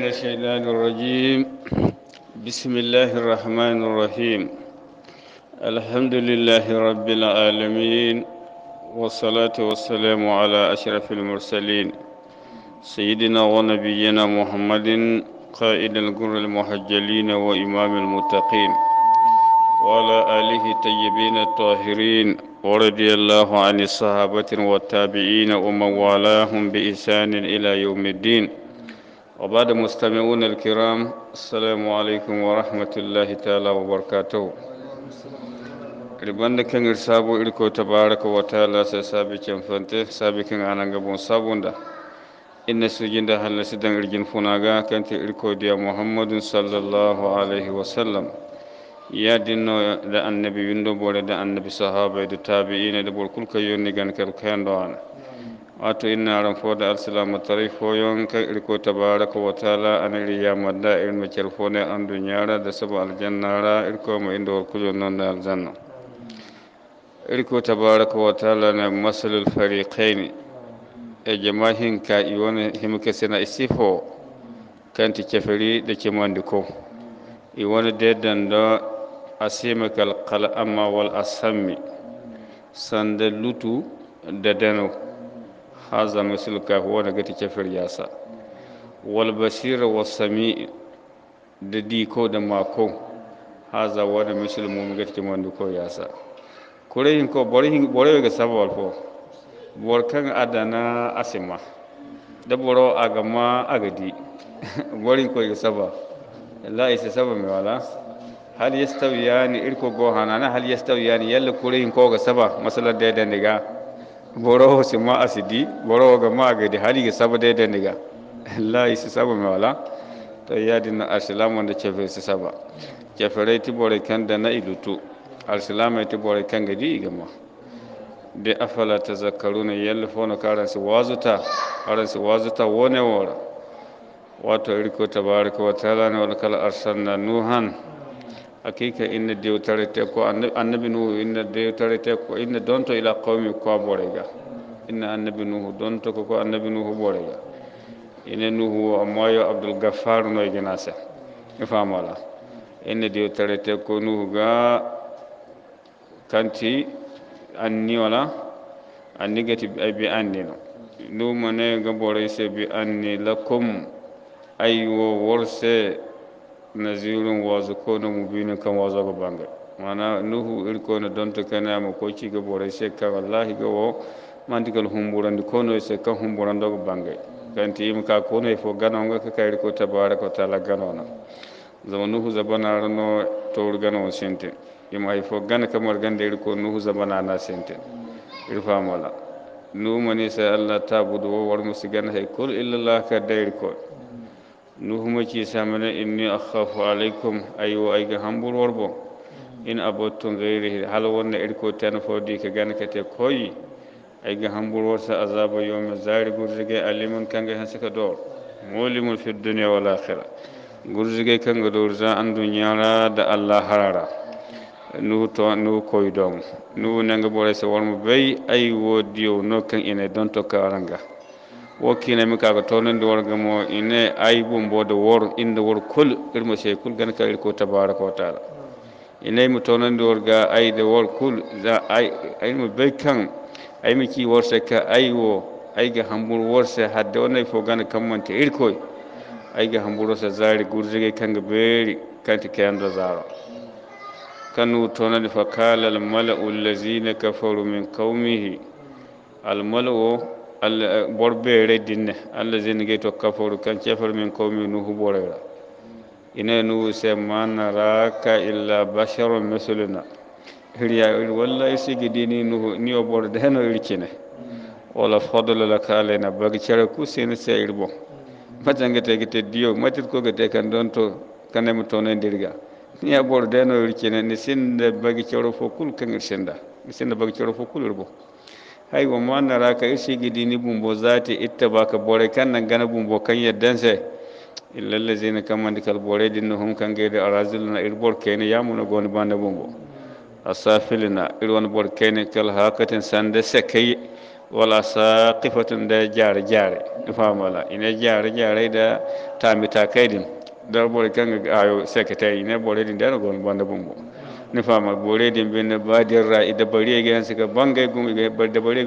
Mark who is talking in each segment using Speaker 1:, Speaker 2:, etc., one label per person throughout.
Speaker 1: من الشيطان الرجيم بسم الله الرحمن الرحيم الحمد لله رب العالمين والصلاة والسلام على أشرف المرسلين سيدنا ونبينا محمد قائد القر المحجلين وإمام المتقين وعلى آله الطيبين الطاهرين ورضي الله عن الصحابة والتابعين ومن والاهم بإحسان إلى يوم الدين وبعد مستمعون الكرام السلام عليكم ورحمة الله تعالى وبركاته ribanda kan sabo irko tabaraka wa ta'ala sai sabi kan fante sabi kan anan gabon sabunda inna sujinda halna sidan irgin funaga kan ta irko dia muhammadun sallallahu alaihi wa sallam ya dinno da annabi windo bore da annabi sahaba da tabi'ina da bol kulka yonni gan kalkan do ana wato ina ran fo da alsalama tare koyon kan irko tabaraka wa taala an riya madda irin makel fo ne an dunyara da sabu aljanna ra irko mu inda wal kujo nan da aljanna irko tabaraka wa taala na masalul fariqaini e jama'in ka i wani himka sena isifo kanti kefiri da ke mandiko i wani dedan da asimakal qal'ama wal asami sanda lutu da dano haza misul kafi wanda gati kafir yasa wal basira wa sami da diko da mako haza wanda misul mumin gati kiman duko yasa yin ko borehin bore ga sabal fo borkan adana asima da boro agama agadi borin ko ga saba la isa saba mai wala hal yastawiyani irko gohana na hal yastawiyani yalla kurehin ko ga saba masalar da ya daga. boroho si ma asidi boroho ga ma ga di hali ga saba dai da niga layi si saba mai wala to yi di na arsilam wanda cefe si saba ceferai ti bore kan da na ilutu arsilam e ti bore kan ga di igama bi afala ta zakaru na yalli fona karan si wazuta karan si wazuta wone wora wato riko tabaraka wa ta'ala ne wani kala arsalna nuhan na inna dewtarete ko annabi nuhu inna dewtarete ko inna donto ila boray ga ir na annabi nuhu donto koko annabi nuhu ɓorega ina nuhu moyo se gaffar noygena sen mi famola inna te ko nuhu ga kanti anni wala anni gati bi annino nuhu mo ga boray se bi anni lakum aywo se nazirun wazu na mubinin kan wazo ga banga mana nuhu irkona donta kana ma ko ci ga bore sai ka wallahi ga wo mandigal humburan di kono sai ka humburan do ga banga kanti yi ka kono e fo gana nga ka kayir ko tabaraka taala ganona zama nuhu zabana rano to gano sente im ay fo gana kamar ganda irko nuhu zabana na sente irfa mala nu mani sai allah budu wo war gana hay kul illa ka dair ko nuhuma ciisamane inni akhafu alaykum ayo ayga hambur worbo in abottu geyrihi hala wonna eɗi ko teno fodi ko gana kate koyi ayga hambur worsa azaba yome zari gursugue alimun kanga hen sika door molimum fi dunia wal akhira gursugue kanga dorsa andu ñalada allah harara nuhu to nuhu koye domo nuhu nanga ɓoore so wonmo beyi ay wo diyow nokkan ene donto karanga wo kinami da tolnandi gamo ine ayibum mbode wor inde wor in irmo sey kul gan ka ko tabaraka wa taala war ga ai da wor kul za mu bai kan aymi ki worse ka aywo ga hambur worse hadde onayi fo gana kammante irkoy ga hamburo sa zaari gurjege kanga beeri kanti keyando zaaro kanu tonani fa kala almalau allazina kafaru min qaumihi al mala'u allah worɓe reddinne allah zenigey to kafaru kan cefal men kawmi nuhu ɓorera ina nuhu semanaraka illa basharon mesulina hiriya wallahi sigi dini nuhu ni o ɓoro deno ircine wala fodolola ka alayna bagi cara ku seni se ir bon matangete gete diyo matit kogete kan ɗon to kanemi tono ndirga ni a ɓoro deno ircine ni sinde bagi caro fo kul kan ir sinda mi sinda bagi caro fo kul ir bon hay wa na raka ishe gidi ni bumbo za zati itta ka bore kan nan gana bumbo kan yaddansa yaddan zai na kama da kalbore din na hun kan gaida a razil na irbor kene muna goni ba na bumbo a na irwan bor kene kal hakatin sanda sa kai wala sa kifatin da jare jare famala ina jare jare da tamita kaidin dar bore kan ga ayo sekata ina bore din da na goni ba na bumbo nufa ma bore din bin na badin ra'i da bare ga yansu ga bangai gumu ga da bare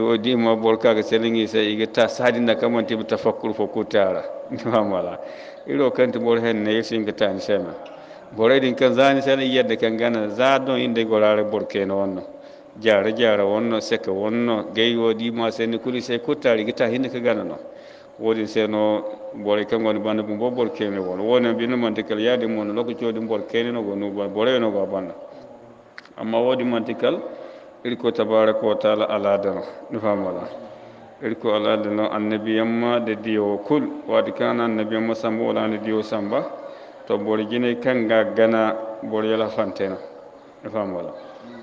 Speaker 1: o di ma bolka ga selin yi sai ga ta sadin da kaman ta tafakkur fa ko tara nufa mala iro kan ta bor hen ne yasin ga ta sema bore kan zani sai yadda kan gana za don inda gorare borke na wannan jara jara wannan saka wannan gaiwo di ma sai kuli sai ko tari ta hinda ka gana no woodi seeno bore kengoni bande mum bo boro kewne wona woni e mbino mante kal yaade mon lokkocoode boro kewnenogo nu bore wenogo banna amma woodi mante kal iri ko tabaraka wa taala aladano ɗufamala iri ko aladano annabiyamma de diyo kul wadde kana annabiyamma samba walani diyo samba to boro jine kanga gana boro yala fantena ɗufamala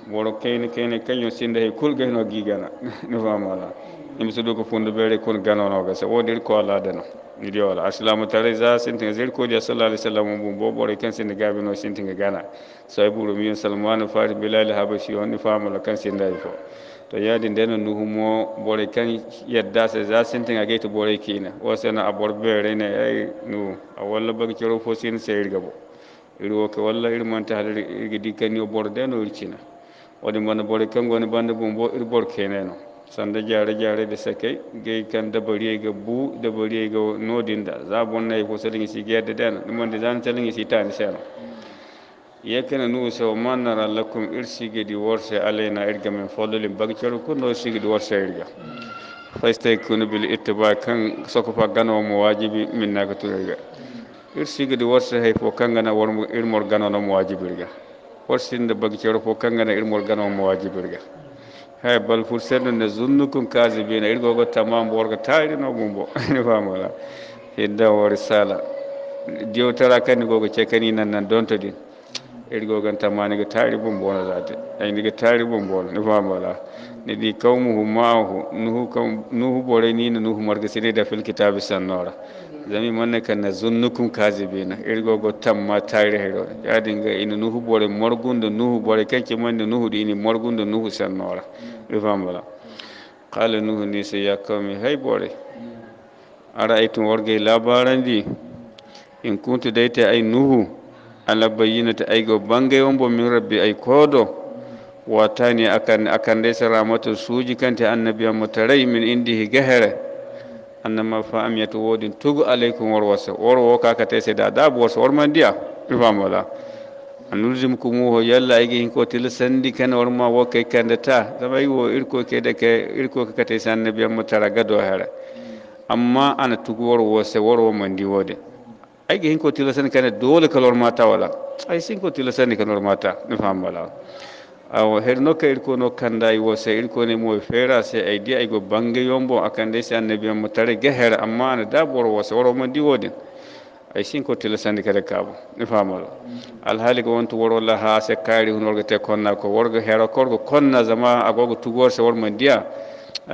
Speaker 1: boro kewne kewne kañum sinde he kul gayno gigana ɗufamala imsuɗu ko funduɓere kon ganonoga so wodir ko ala dano idi wala asilamu tare za sintinga zir kodi a sallah alih sallam bum bo ɓore kan sinda gabino sintinga gana soy ɓuuro miyon salmanu fati bilali habashi on ɗi famola kan sindayi fo to yaadi ndeno nuhumo ɓore kan yedda so za sintinga gey to ɓore kiina o seno a ɓorɓe rene ay nu a walla bagi fo sin seyirga bo iri woke walla iri monte haɗa irga dikkani o ɓorde no ircina waɗi bonna ɓore kan goni bande bum bo iri ɓor keneno sanda gyare-gyare da sakai gai kan dabari ga bu dabari ga nodin da bu nai ko salin si gade da dan mun da zan salin si tan insha Allah ya kana nu so man nara lakum irsi ga di warsa alaina irga min fadlin bakchar ko no si ga di warsa irga fastai kun bil ittiba kan soko fa gano mu wajibi min na ga to irga irsi ga di warsa hay fo kan gana war mu irmor gano mu wajibi irga warsin da bakchar fo kan gana irmor gano mu wajibi irga hay bal pour seɗɗo nde zunnukum kasibina irgogo tamam tayri no bumbo ne famola hidda o risala tara kani gogo cekkani nan nan donto ɗin irgogon tamanigo taari bo bonatade aynigo taari bo bona ne famola نبي كومه معه نه كوم نه بورينين نه مرق سيري ده في الكتاب السنورة زمي من كان زنكم كاذبين إرجو قتام ما تاريه رو يادينغ إن نه بوري مرقون ده نه بوري كان كمان نه ديني مرقون ده نه سنورة إفهم بلا قال نه نيس يا كومي هاي بوري أرأيتم ورقة لا باران دي إن كنت ديت أي نه على بينة أي قبانجي ومبو من ربي أي كودو watani akan akan dai salamatu suji kanta annabiyan mutarai min indi gahara annama fa am yatu wodin tugu alaikum warwasa warwo ka ka tese da dabu warsa man dia ifam wala anulzim kumu ho yalla igi ko til sandi kan warma wo kai da ta zama yi wo irko ke da ke irko ka tese annabiyan mutara gado hare amma ana tugu warwo se warwo mandi wode aigi hin ko til sandi kan dole kalor mata wala ai sin ko til sandi kan warmata ifam wala او هرنو كه ايركو نو كنداي و سه ايركو ني مو فيرا سه اي دي اي گو بانگي يوم بو اكن دي سان نبي مو تري گهر ان دا بور و سورو من دي ودين اي سين كو تل سان كه كابو نفامل ال هالي گو انت ور ولا ها سه كاري هنور گه تي كون نا كو ور گه هيرو كور گو كون نا زما اگو تو گور ور من ديا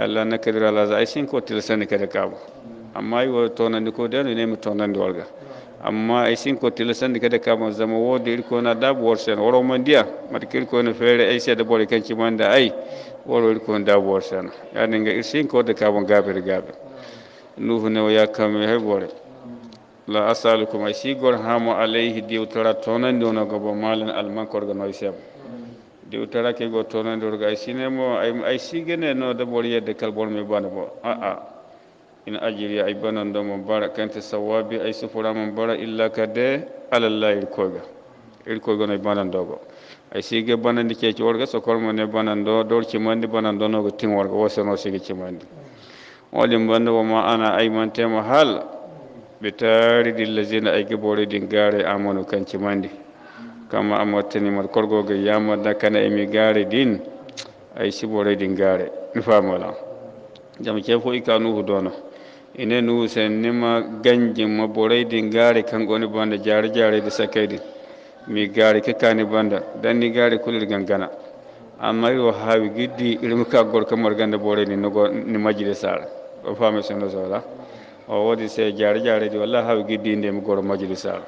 Speaker 1: الله نكدر الله اي سين كو تل سان كه اما اي و تو نا نيكو دي تو نا دي amma ay sin ko tilasandi kada kama zama wodo irko na dabu warsen woro mandiya marka irko na fere ay sai da bore kan manda ai woro irko na dabu warsen ya dinga irsin ko da kama gabir gabir nuhu ne ya kama hay bore la asalukum ay sigor hamu alayhi diwtara tonan dona gobo malan alman korga no isab diwtara ke go tonan dorga ay sinemo ay sigene no da bore yedde kalbor me bana bo a a in ajiri aibanan do mo bara kante sawabi ay sufura mo bara illa kade alallahi irkoga irkoga no ibanan dogo ay sige banandi ke warga so kormo ne banando dor cimandi banando nogo tin worga wosono sige mandi olin banda wa ma ana aimantemo hal lazina aiki bori din gare a manu kan mandi kama amattanimar korgoga yamadda kana mi gare din ay siboridi gaare mi famola jam ke fo ikanuhu dono ine nu sennima ganji ma gari gaari kangoni banda jare jareyde sakkaydin mi gaari kekkani banda dan ni gaari kulel gangana amma iro haawi giddi irimi ka gorko mor gande boreydi ni majjide sara o faami sono sola o wodi se jare jareydi walla haawi giddi ndemi goro majjide sara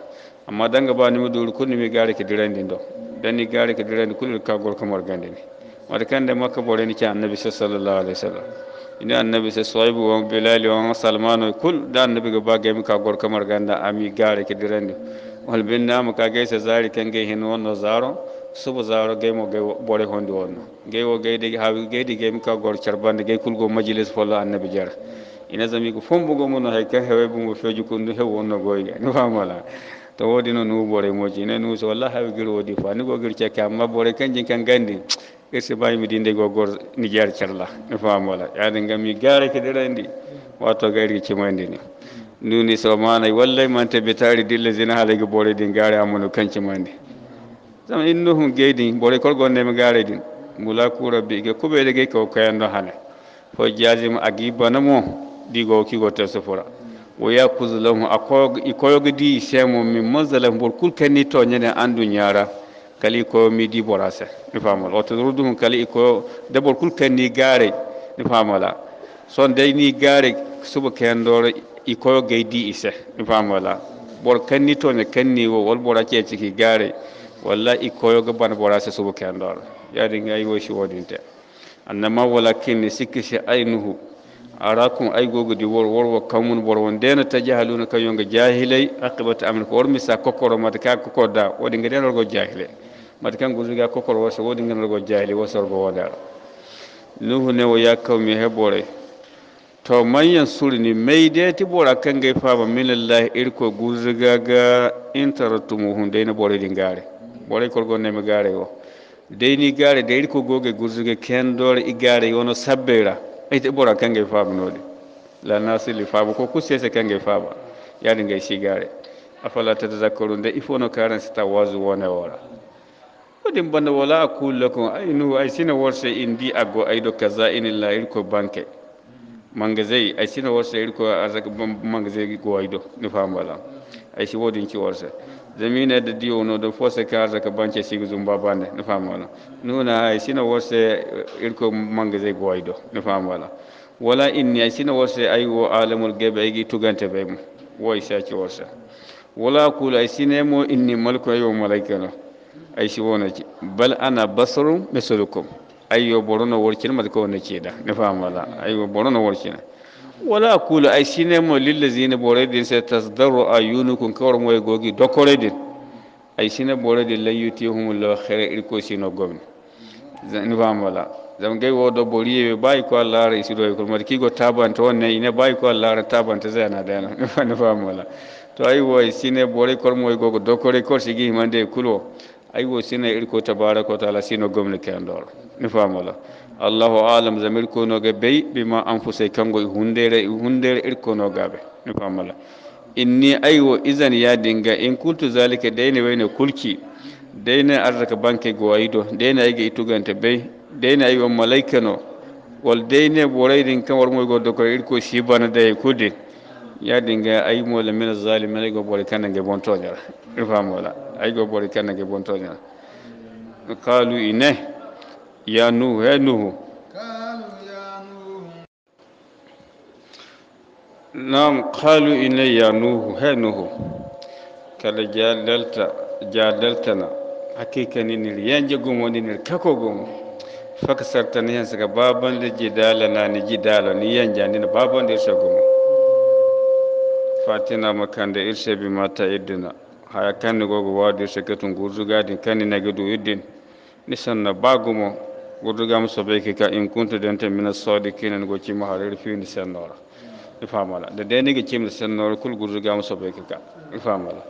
Speaker 1: amma danga ba nimi duuri kunnimi gaari ke direndin ɗo danni gaari ke direndi kulel ka gorko mor gande ni wata kande makka boreni ca annabi sa sallllahu alayhi ina annabi se soybu won bilali won salmano kul da annabi ga bagay mi ka gor kamar ganda ami gare ki dirande wal binna mu ka gaisa zari kan gai hin wonno zaro subu zaro gai mo gai bore hondi wonno gai wo gai de ha gai de gai mi ka gor charbande gai kul go majlis fola annabi jar ina zami ko fombu go mono hay kan hewe bu mo feju kundu he wonno goyga ni famala to wodi no nu bore moji ne nu so wallahi ha gir wodi fa go gir cekka amma bore kan jin kan gandi erse mbawimi di ndego goto nijeer carla mi faam wala yaani gam mi gaareke ɗeɗan ndi watto ga erke cimandi ni duni so manay wallay man teɓe taari dille jina haalayge boore ɗin gaare amono kanci mandi sam inno hum geydi boore kol gonnemi gaare din mula kura bi ge kuɓeyde gey ko kayanno hane fo jasima agi bana mo ɗigo kigo teso fora wo yakuse lamu akoyo ikoyoge di semo min masdalam bor kul kenni toñene andu ñaara kali ko se borase famol o to ruddum kali ko debol kul kanni gaare mi famola son de ni gaare suba kendoro i koyo gaydi ise mi famola bor kanni to ne kanni wo wol bora ce ciki gaare walla i koyo yo ban borase suba kendoro yadi ngay wo shi wodinte annama walakin sikki ainuhu arakun ay di wor wo kamun bor won dena tajahaluna kan yonga jahilay aqibata amri ko misa sa kokoro mata ka wodi waɗi ga go jahilai. mate kanko usuga kokol wasa woodi ngenalgo jahili wasorgo wodara nuhu ne newo yakkawmi heɓore to manyan surni meydeti ɓora kange faama minallahi irko gurrigaga bore deyna gare. gaare ɓoray kolgo nemi gaare dai ni gare de irko goge gurriga kendore i gaare yono sabbeyra ite ɓora kange nodi la nasilli ba ko kusese kange faama yaɗi gay sigare afala tatazakkaru da il faut no karansi tawasu wone wora odin bana wala a kullakum ainu ay sina worse in di aggo ayɗo kasainillah irko banque magasin ay sina worse irko magasin ko ayɗo ni famwala ay si wodin ci worse zamine de di wono de fosse carte que banque sigu zumba bande ni fam wala nuna ay sina worse irko magasin ko ayɗo ni fam wala wala inni ay sina worse ay wo alamul gebe ay gi tugante be mo woy sa ci worse wala kula ay sina mo inni malku ayo malaikano ay si wona ci bal ana basarun mislukum ayyo borono workina mat ko wona ceeda ne famala ayyo borono workina wala aqulu ay sinemo lillazina boreydin se tasdaru ayunukum kawar moye gogi dokkoreydin ay sine boreydin lan yutihumullahu khayra irko sino gomni ne famala zam gay wodo boriyeɓe bawi ko allah ara isiɗo ko mata kigo tabanta wonne ine bawi ko allah ara tabanta sena deno ne famala to ayi woy sine bore kormoy gogo dokkore kor sigi himande kulo aywo sina irko tabaraka wa taala sino gomne kendor mi famola allahu alam zamir bi ma an anfusey kango e hundere e hundere irkonogaɓe mi famola inni aywo ya dinga in kuntu zalika deyne wayno kulki dai arata ko banque go wayido deyne ayga ittugante bey deyne ayi malaikano malaika no wol deyne kan war kan go dokoye irko sibana daye kudi. Ya dinga ayi mola min zali ay go bori kanange bontoñora ifa mola ayi go bori kanange bontoñora Kalu ine ya nuhu he nuhu nam kalu ine ya nuhu he nuhu kala jadalta na hakika ninil yanje gumo ni kako gumo fakasartana hen saga da jidala nani jidala ni yanja nina babande so gumo fatina da irse bi mata idina haya ni gogo wadi seketun gurzuga din kanni nagidu idin na bagumo gurzuga muso be ka in kuntu dente mina sadiqin kinan goci harir fi nisannora ifamala da dai nige cima sannora kul gurzuga muso be kika ifamala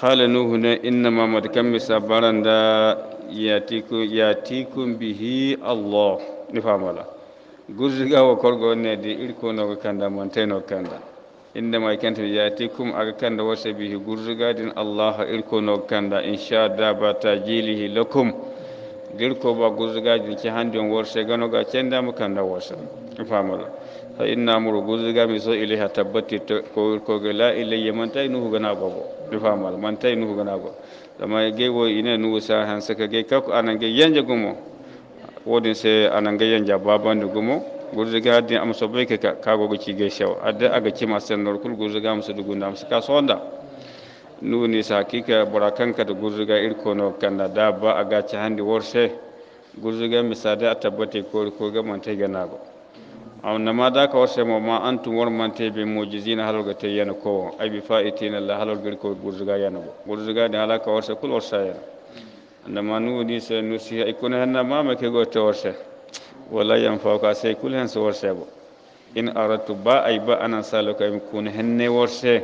Speaker 1: qala nuhu ne inna ma mad kam misabaran da yatiku yatikum bihi allah ifamala ga wa korgo ne di irko no kanda montaino kanda inda ma kanta yati kum aga kanda wasa bihi gurzugadin allah irko no kanda insha da ba jilihi lakum girko ba gurzugadin ki handon warsa gano ga kenda mu kanda wasa famala fa inna mur gurzuga mi so ilaha tabbati ko ko gala ilayya man tainuhu gana babo famala man tainuhu gana babo dama ge wo ina nu sa han saka ge kako anan ge yanja gumo wodin se anan ge yanja baban gumo gurziga addi am sobe ke ka go ci ge shaw adda aga ci masan nor kul gurziga am sudu gunda am ka sonda nu ni sa kika burakan ka da gurziga irko no kanna da ba aga ci handi worse ga misada tabbate ko ko ga man ta gana go na ma da ka warse mo ma antum war man te be mujizina halu ga te yana ko ai bi fa'itina la halu ga ko ga yana go ga da ka warse kul warsa na ma nu ni nu nusi ai kuna hanna ma ma ke go ta warse wala yan fauka sai kul su warse worsebo in aratu ba yi ba anan salo kay kun hanne warse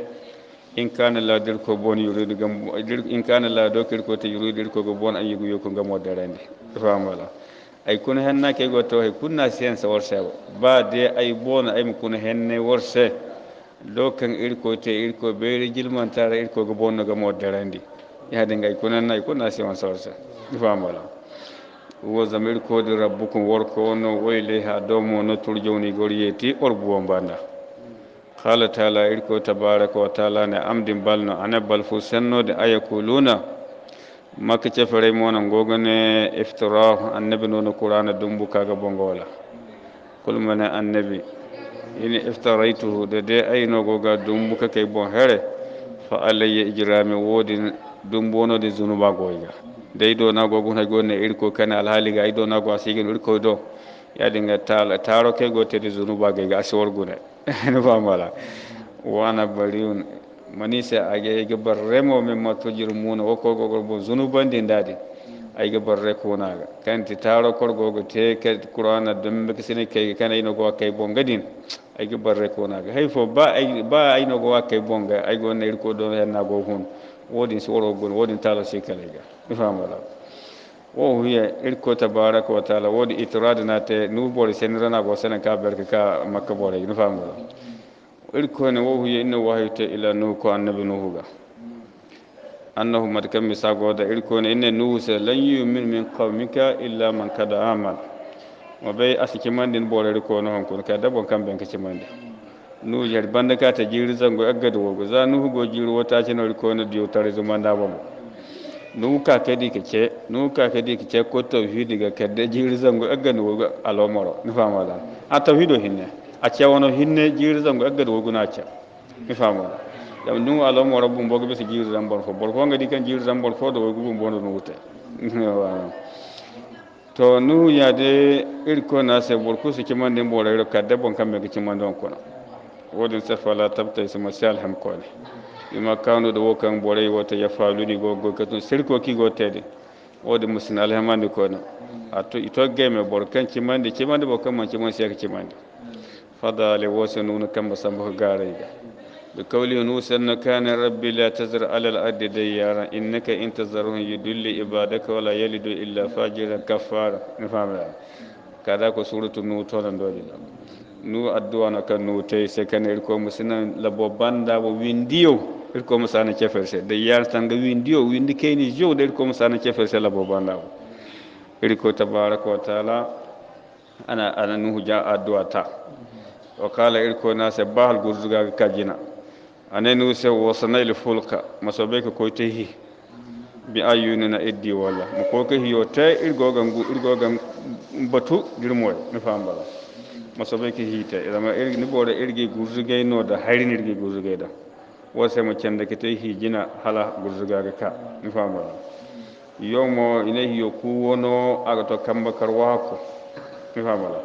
Speaker 1: in kana la dirko bon yuridu gam in kana la dokir ko te yuridu ko go bon ayi go yoko gam wadarande famala ay kun hanna ke go to kun na sen so worse ba de ay bon ay kun henne warse dokan irko te irko beri gilman tara irko go bon gam wadarande ya de ay kunan nay kun na sen so warse famala wo zamir kodi rabbukum worko ono ha do mo no goriyeti or buwa banda. qala taala irko tabaraka wa taala ne amdin balno ana bal senno de ayakuluna makka cefere mono gogane iftirahu annabi nono qur'ana dumbu kaga bongola kulmane annabi ini iftaraitu de de ayno goga dumbu kake bon here fa alayya ijrami wodi dumbu de zunuba goyga daido na guna gonne irko kana alhali ga ido nago asigin irko do dinga tala taro ke gotere zunuba ga ga asor gune ba mala wana bariun manisa age ga mo min mato jirmuna ko gogo bo zunuban din dadi ay ga barre na ga kanti taro kor gogo te ke qur'ana dum be sine ke kana ino go kay bonga din ay ga barre na ga hay fo ba ay ba ay no go kay bonga ay go ne irko do na go hun wodin soro gun wodin talo sikale ga ifamala wo huye irko tabaraka wa taala wodi itirad na te nu bori senrana go sene ka berka ka makka bore ifamala irko ne wo huye inna wahayta ila nu ko annabi nuhu ga annahu mad kam misago da irko ne inna nu se lan yu min min qawmika illa man kada amal wa bay asiki mandin bore ko no hon ko ka dabon kan ben kici mandi nu jar bandaka ta jiri zango agga da wogo za nu go jiri wata cinar ko no diyo tare zuma na bamu nuka ka ce nuka ka kake ko tawhid ga kadde jiri zango agana woga alomoro famo da, a tawhido hinne a ce wono hinne jiri zango agada na ce famo da yam ndu alomoro bum bogo be jiri zambor fo bor ko di kan jiri zambor fo do wogu bu bono no wute to nu ya de irko na se bor ku su man ne bor ro kadde bon kamme man don na wodin sa fala tabta isma sal ham ko ne ima da wo kan ɓoray woto yafaluɗi go go katun serkoki go tede ode musin alhamandi na a toggeme ɓor kan cimande cimande ɓo kamma cimon seeka cimande fadale wose nuno kamba samba ko da ɓe kawli sanna kane rabbi la ala alal ad dayyara innaka in tasarhum yudulli ibadaka wala yalidu illa fajira kafara ni famɗa kada ko suratu nu tolandoɗi ɗam nu adduwana kan nu tey sekene irko musina labo banda wo windiyo irko musana ceferse de yar tanga windiyo windi keni jo de irko musana ceferse labo banda wo irko tabaraka wa taala ana ana nuhu ja adduwa ta wa kala irko na se bahal gurzuga kajina ane nu se wasana il fulka masobe ko koytehi bi ayyunina iddi e wala mu ko ke hiyo tay irgo gangu irgo gam batu girmoy mi fambala masobe ki hita irama ni bore irgi gurzugai no da harin irgi gurzugai da wose mo cende ke te hijina hala ga ka mi famola yomo ine hiyo kuwono agato kambakar wako mi famola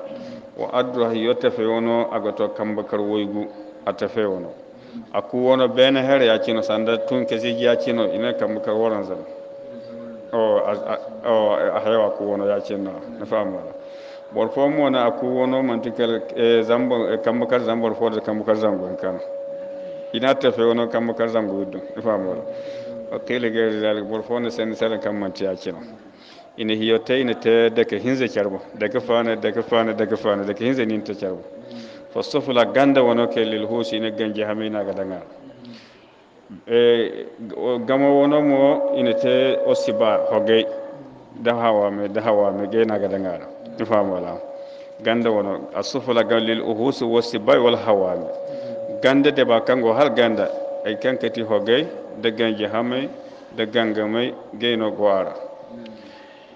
Speaker 1: wo adduha hiyo tefe wono agato kambakar woygu a tefe wono a kuwono bene here yacino sanda tun kesiji yacino ine kambakar woran zan o a hewa kuwono yacinna mi famola bor fo mo na aku wono mantikal e zambo e kambakar zambo fo de kambakar zango en kan ina tefe wono kambakar zango wuddu ifamo o kele gere dal bor fo ne sen sala kamanti akino ina hiyote ina te daga hinze charbo daga fana daga fana daga fana daga hinze nin ta charbo fasofula ganda wono ke lil hosi ina ganje hamina ga danga e gama wono mo ina te osiba hoge da hawa me da hawa me ge na ga danga ifamala ganda wono asufula galil uhusu wasibai wal hawami ganda de bakango hal ganda ay kankati hogay de ganje hame de gangamay geyno gwara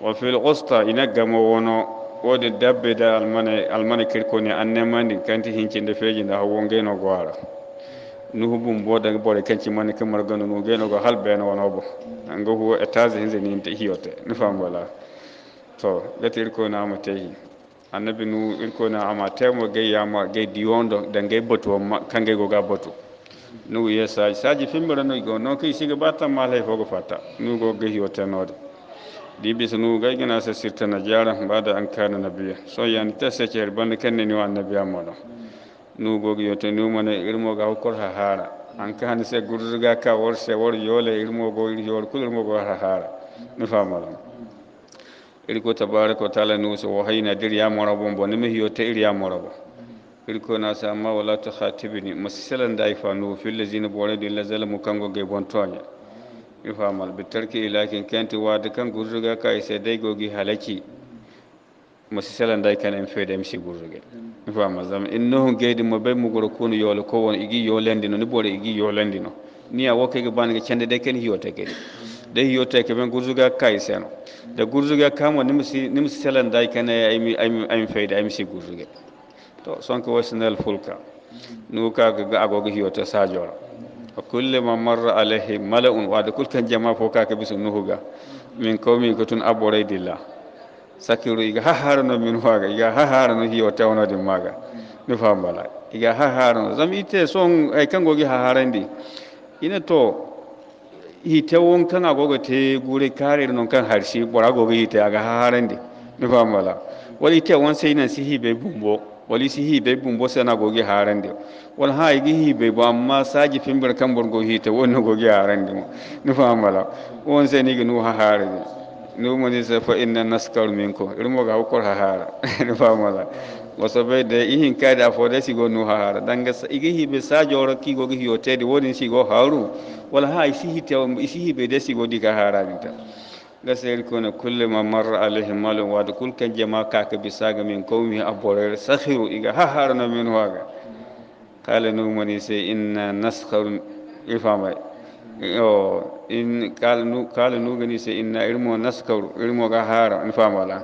Speaker 1: wa fil qusta ina gamo wono wode dabbe da almane almane kirkoni annemandi kanti hinci hincinde fejinde hawo gayno gwara nuhubum boda bore kanci mani kamar gano no gayno go hal beno wono bo ngo huwa etaze hinze ni hiyote ni fam wala to lati irko na mu tehi annabi nu irko na ama temo mo gay ya ma gay diwondo dan gay botu kan gay go ga botu nu yesa saji fimbara no go no kay siga bata ma lay fogo fata nu go gay yo tenode dibi sunu gay gina sa sirta na jara bada an kana nabi so yan ta se cer ban kan ni wa annabi amano nu go yo te nu mane irmo ga ko ha hara an kana se gurzuga ka wor se wor yole irmo go ir yol kul irmo go ha hara nu famalam irko tabaraka taala wasu, wahayi na dir ya marabon bo nimi hiyo ta iri ya marabo iriko na sa amma wala ta khatibni masilan da ifa nu fil lazina bore dilla mu kango ge bontonya ifa mal bitarki ilakin kanti wa da kan gurruga kai sai dai gogi halaki masilan da kan en fede mishi gurruga ifa mazam innahu geedi mo be mu goro kunu ko won igi yolendino ni bore igi yolendino ni a wokke ge ban ga cende de ken hiyo ta gari. dai yota ke ben gurzuga kai seno da gurzuga kamo nimsi nimsi selan dai kana ai ai ai faida ai si gurzuga to son sonko wasnal fulka nuka ga agogo hiyota sajora kulle ma marra alaihi mala'un wa da kulkan jama'a fo ka bisu nuhuga min qawmi tun aborai dilla sakiru iga haharano min waga iga haharano hiyo ta tawno din maga mi fambala iga haharano zam ite son ay kango gi haharandi ina to ite won kan agogo te gure kare non kan harshi bora gogo ite aga harande mi famala wali te won sai nan sihi be bumbo wali sihi be bumbo sai na gogo harande wal ha igi hi be ba amma saji fimbir kan borgo hite won no gogo harande mi famala won sai ni gnu ha harande nu mo ni sa fa inna naskar irin irmo ga hokor ha hara mi famala wasobe de ihin kada afode sigo nu hahara danga igi hibe sa joro ki go gi yotede woni sigo haru wala ha isi hite isi hibe de sigo diga hara binta gasel kono kullu ma marra alaihi malun wa kul kan jama ka ka bisaga min qawmi aborer sakhiru iga hahara na min waga qala nu mani sai inna naskharu ifama o in qala nu qala nu gani sai inna irmo naskaru irmo ga hara in fama la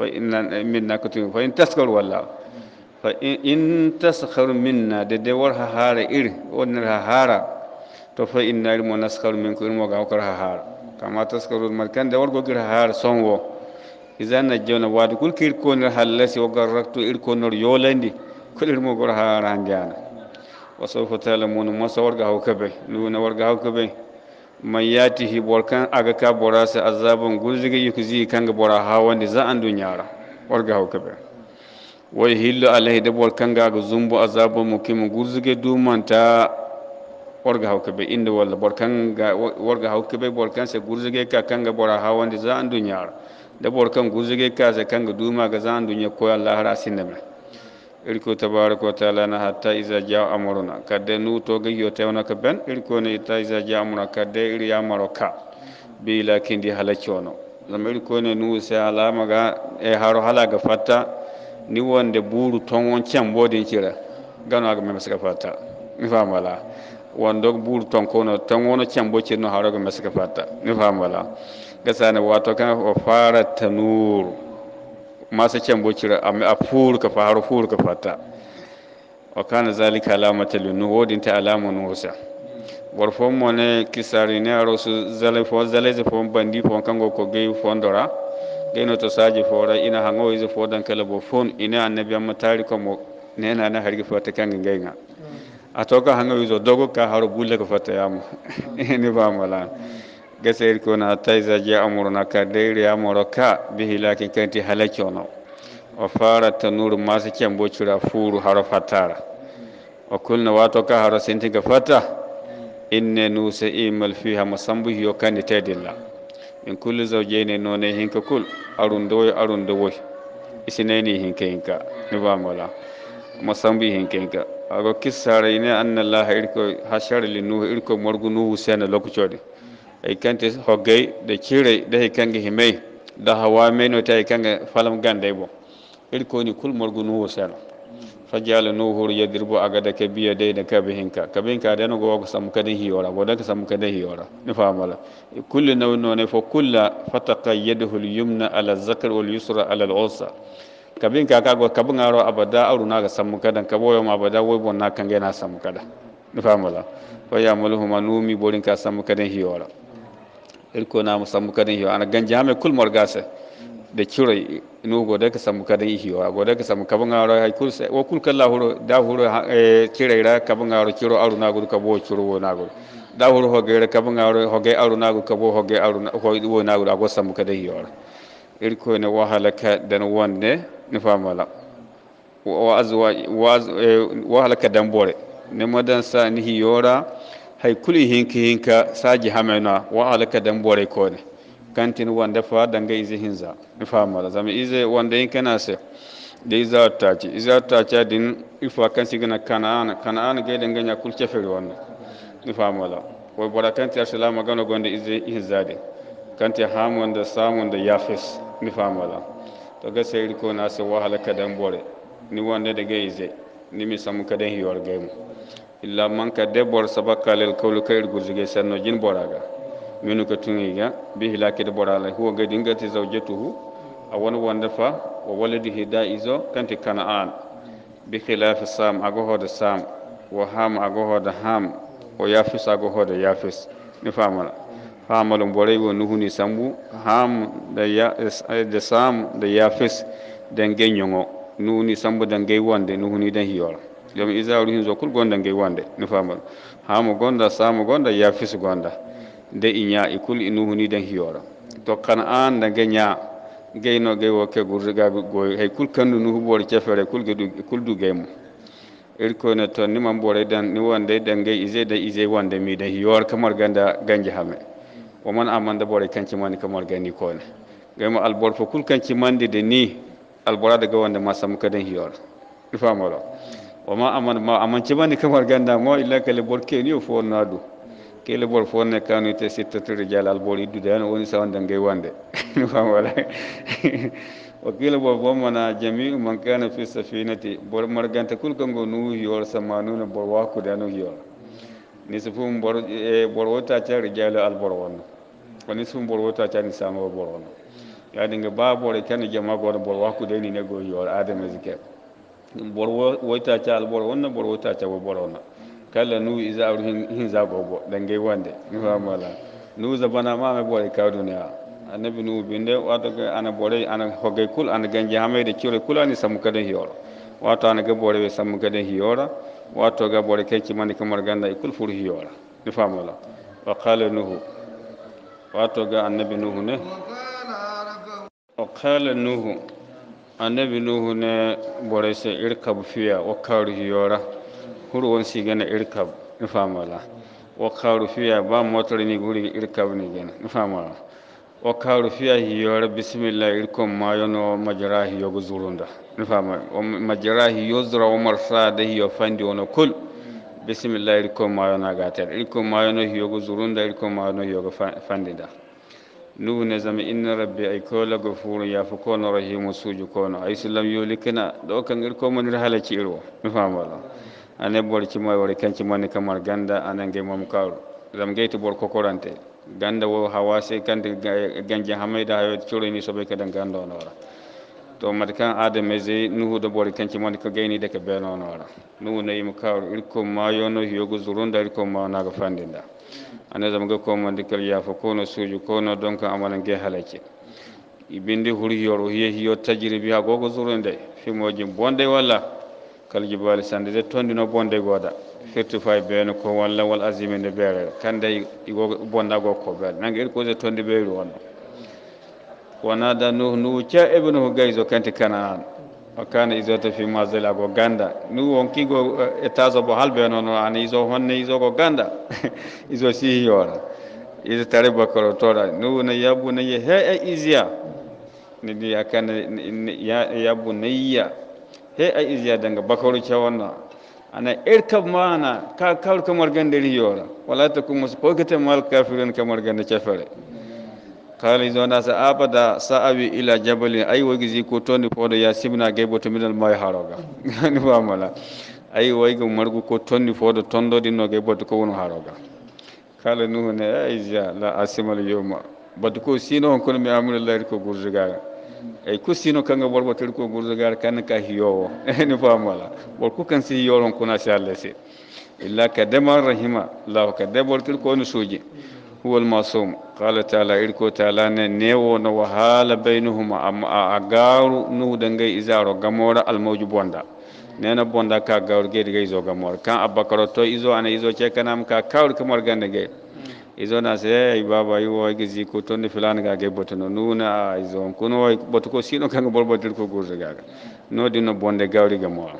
Speaker 1: فإن منا كتب فإن تسخر والله فإن تسخر منا ددي ورها هارا إر to fa inna irmo naskaru minku irmo ga okar kama taskaru markan da wargo gir har songo izan na jona wadu kul kir konir hallasi o garrakto ir konor yolandi kul irmo gor har hangiana wa sawfa masa warga hawkabe nuna warga hawkabe mai yatihi borkan aga ka bora sa azaban gurziga yukuzi kanga bora ha wanda za an dunyara warga hauka be wai hillu alaihi da borkan ga ga zumbu azaban mukim gurziga dumanta warga hauka be inda walla borkan ga warga hauka be borkan sa gurziga ka kanga bora ha wanda za an dunyara da borkan gurziga ka sa kanga duma ga za an dunya ko Allah har da mai iriko tabaraka wa ta'ala na hatta iza ja amuruna kadde nu to gayyo tawna ka ben iriko ne ta iza ja amuruna kadde iri ya maroka bi lakin di halaki wono zama iriko ne nu se alama ga e haro hala ga fatta ni wonde buru ton won cem bodin kira gano ga me masaka fatta mi famala wando buru ton no ton wono cem bo no haro ga masaka fatta mi famala gasana wato kan fara tanuru masa cambo cira amma a furu ka fa har furu ka fata wa kana zalika alamata linu wodin ta alamun wasa warfon mo ne kisari ne aro su zale fo zale ze fon bandi fon kango ko gei ndora gei no to saji fora ina hango ize fo dan kala bo fon ina annabi amma tari ko mo ne na na hargi fo ta kanga ngenga atoka hango izo dogo ka haro bulle ko fata yamu ne ba mala gasayir kono hatta isa a amuruna ka ya amuro ka bihilaki kanti halaki ono o fara ta nuru masu kyan cura furu haro fatara o kulna wato ka haro ga fata In ne nusa imal fiha musambu hiyo kandi dilla in kulli zawjene none hinka kul isi ne ne hinka hinka nibamola musambi hinka hinka ago kissara ine annallaha irko hashar li nuhu irko morgu nuhu sena lokucode ikanti kanti da ɗe cirey ikanga kange da hawa meno ta kange falam gande bon iri koni kulmorgu nuwo seno fajala nuhuru yadirbu agada ke biya de da kabe hinka kabe hinka da nago ko samu kadin hiyora goda ka samu kadin hiyora ni famala kullu no ne fo kulla fataqa yaduhu al-yumna ala zakr wal yusra ala al usra kabe hinka ka go kabin aro abada na ga sam kadan kabo yo ma abada wo bon na kangena na samu kada ni famala fa ya mulhu manumi borin ka samu kadin hiyora irko na musamman kadin hiwa ana ganja hame kul morgase da kira inu gode ka sambu kadan hiwa gode ka samu kabin aro hay kul se wa kul kala huro da huro e, kira ra kabun aro kiro aru na gudu kabo kiro wo na gudu da huro hoge ira kabin aro hoge aru na gudu kabo hoge aru wo na gudu a ago sambu kadan irko irkona wahalaka dan nufa mala wa azwa e, wa halaka dan bore ne madan sa ni hiyora hay kuli hinki hinka saji hamena wa alaka dan bore kone kantin wanda fa danga izi hinza mi famala zama ize wanda hinka nase da iza taci iza taci din ifa kan sigana kanaan kanaan ga dan ganya kul cheferi wanda mi famala ko bora kanti assalamu gano gonde ize hinzade kanti hamun da samun da yafis mi famala to ga nase wa alaka dan ni wanda da ga ize samu kadan hiwar illa manka debor sabaka lel kawlu kayr gurjuge sanno jin boraga minu ka tungiga bi hilaki de borala huwa gadi ngati zawjatuhu awon wanda fa o wa waladihi izo, kanti kana'an bi khilaf sam ago hoda sam wa ham ago hoda ham wa yafis ago hoda yafis ni famala famala borai wo nuhuni sambu ham da ya da sam da yafis dan genyongo nuhuni sambu dan gay wande nuhuni dan hiyora Iza isaaru hin zokul gonda ngey wande mi famal ha mo gonɗa samo gonda yafisu gonɗa nde i ña i kul i nuhuniden hiyora kan an da nge ña geyno gey wo ke gurdegaaɓe goy hay kul kanndu nuhuɓoore cefere kulge ɗu kuldu gey mum iri koyno toon ko na to ni wande ɗen gey ise de wande mi miɗen hiyor kamar ganda gañje hame man amande ɓoore kanci ko ne gandi mo al bor fo kul kanci de ni alborade wande massamu kaden hiyora ɗi famoro o ma aman ma aman cimani kamar ganda mo illa kele bor keniyo fo naadu kele bor fo ne kanu te sittatu rijal al bor iddude an woni sawanda ngay wande no fam wala o kele bor bo mana jami'u man kana fi safinati bor marganta kul kango nu yor samanuna bor wakude anu yor ni sufum bor e bor wota ca rijal al bor ko woni sum bor wota ta ni samo bor wonno ya dinga ba bor tan jama bor bor wakude ni ne go yor adama zikke bor woyta caal bor wonna bor woyta cabo borona kala nu isa aru hin zago bo dange wande mi famala nu za bana ma me bor ka dunya anabi nu binde wato ana bor ana hoge kul ana ganje hamede ciure kulani samu kadan hiyora wato ana ga bor we samu kadan hiyora wato ga bor ke ci man ke mar ganda e kul fur hiyora mi famala wa qala nuhu wato ga annabi nuhu ne wa qala nuhu annabi nuhu ne sai irkab fiya wa karu hiyora hurwon si gana irkab ifamala wa karu fiya ba motar ni guri irkab ni gana ifamala wa karu fiya hiyora bismillah irkon mayo no majrahi yogo zurunda ifama majrahi yozra wa marsa da hiyo fandi wono kul bismillah irkon mayo na gata irkon mayo no hiyogo irkon mayo no fandi da لون زم إن ربي أيكولا غفور يا فكون رحيم سوجكون أيس لم يولكنا لو كان غيركم من رحلة إيرو نفهم ولا أنا بقول كم أقول كان كم أنا كم أرجعنا أنا جم مكار زم جيت بقول كوكورانتي ganda wo hawase kande ganje hamayda hayo colini sobe kadan ganda onora to mata kan adamese nuhu da bori kanci mani ka gaini da ka beno onora nuhu na yima kawar irko ma yono yogo zurunda irko ma naga fandinda ana zama ga ko mandi kal yafa kono suju kono donc amalan ge halaki ibindi huri yoro hiye hiyo tajribi ha gogo zurunde fimoji bonde walla kal jibali sande de no bonde goda firtu fay beno ko walla wal azimi de bere kande igo bonda go ko be nangi ko zai tondi bere wonno wana da nuh nu cha ibnu gayzo kanti kanaan kana isoto fi moiselle ago ganda nu wonkigo étage obo no no ani iso honne go ganda izo sihi yoora iso tare bakaro tora nu ne yabbu nayi he e isia ne ɗi akana yabbu nayiya he e isia danga bakaru cewonna ana erkab ma ana ka kawr kamar gande ri yoora wala takumus ko kete mal kafirun kamar gande cefere قال زونا سأبدا سأوي إلى جبل أي وجزي كوتوني فودو يا سيبنا جيبو تمنال ماي هاروغا نفهملا أي وجه مرغو كوتوني فودو تندو دينو جيبو تكون هاروغا قال نوح أي زيا لا أسمى اليوم بدكو سينو كن مأمر الله ركو غرزغا أي كو سينو كان غبربو تركو غرزغا كان كهيو نفهملا وركو كان سي يورون كنا شالسي إلا كدمر رحمه الله كدبر تركو نسوجي هو المعصوم قال تعالى إلكو تعالى نيو نوهال بينهما أما أغارو نو دنجي إزارو غمورة الموج بوندا نينا بوندا كا غور غير غير زو غمور كان أبا كروتو إزو أنا إزو چه كنام كا كاور كمور غير إزو ناس يا بابا يو هاي جي كوتو فلان غا جي بوتنو نونا إزو كونو هاي بوتكو سينو كان بول بوتل كو غورز غا نو دينو بوندا غوري غمور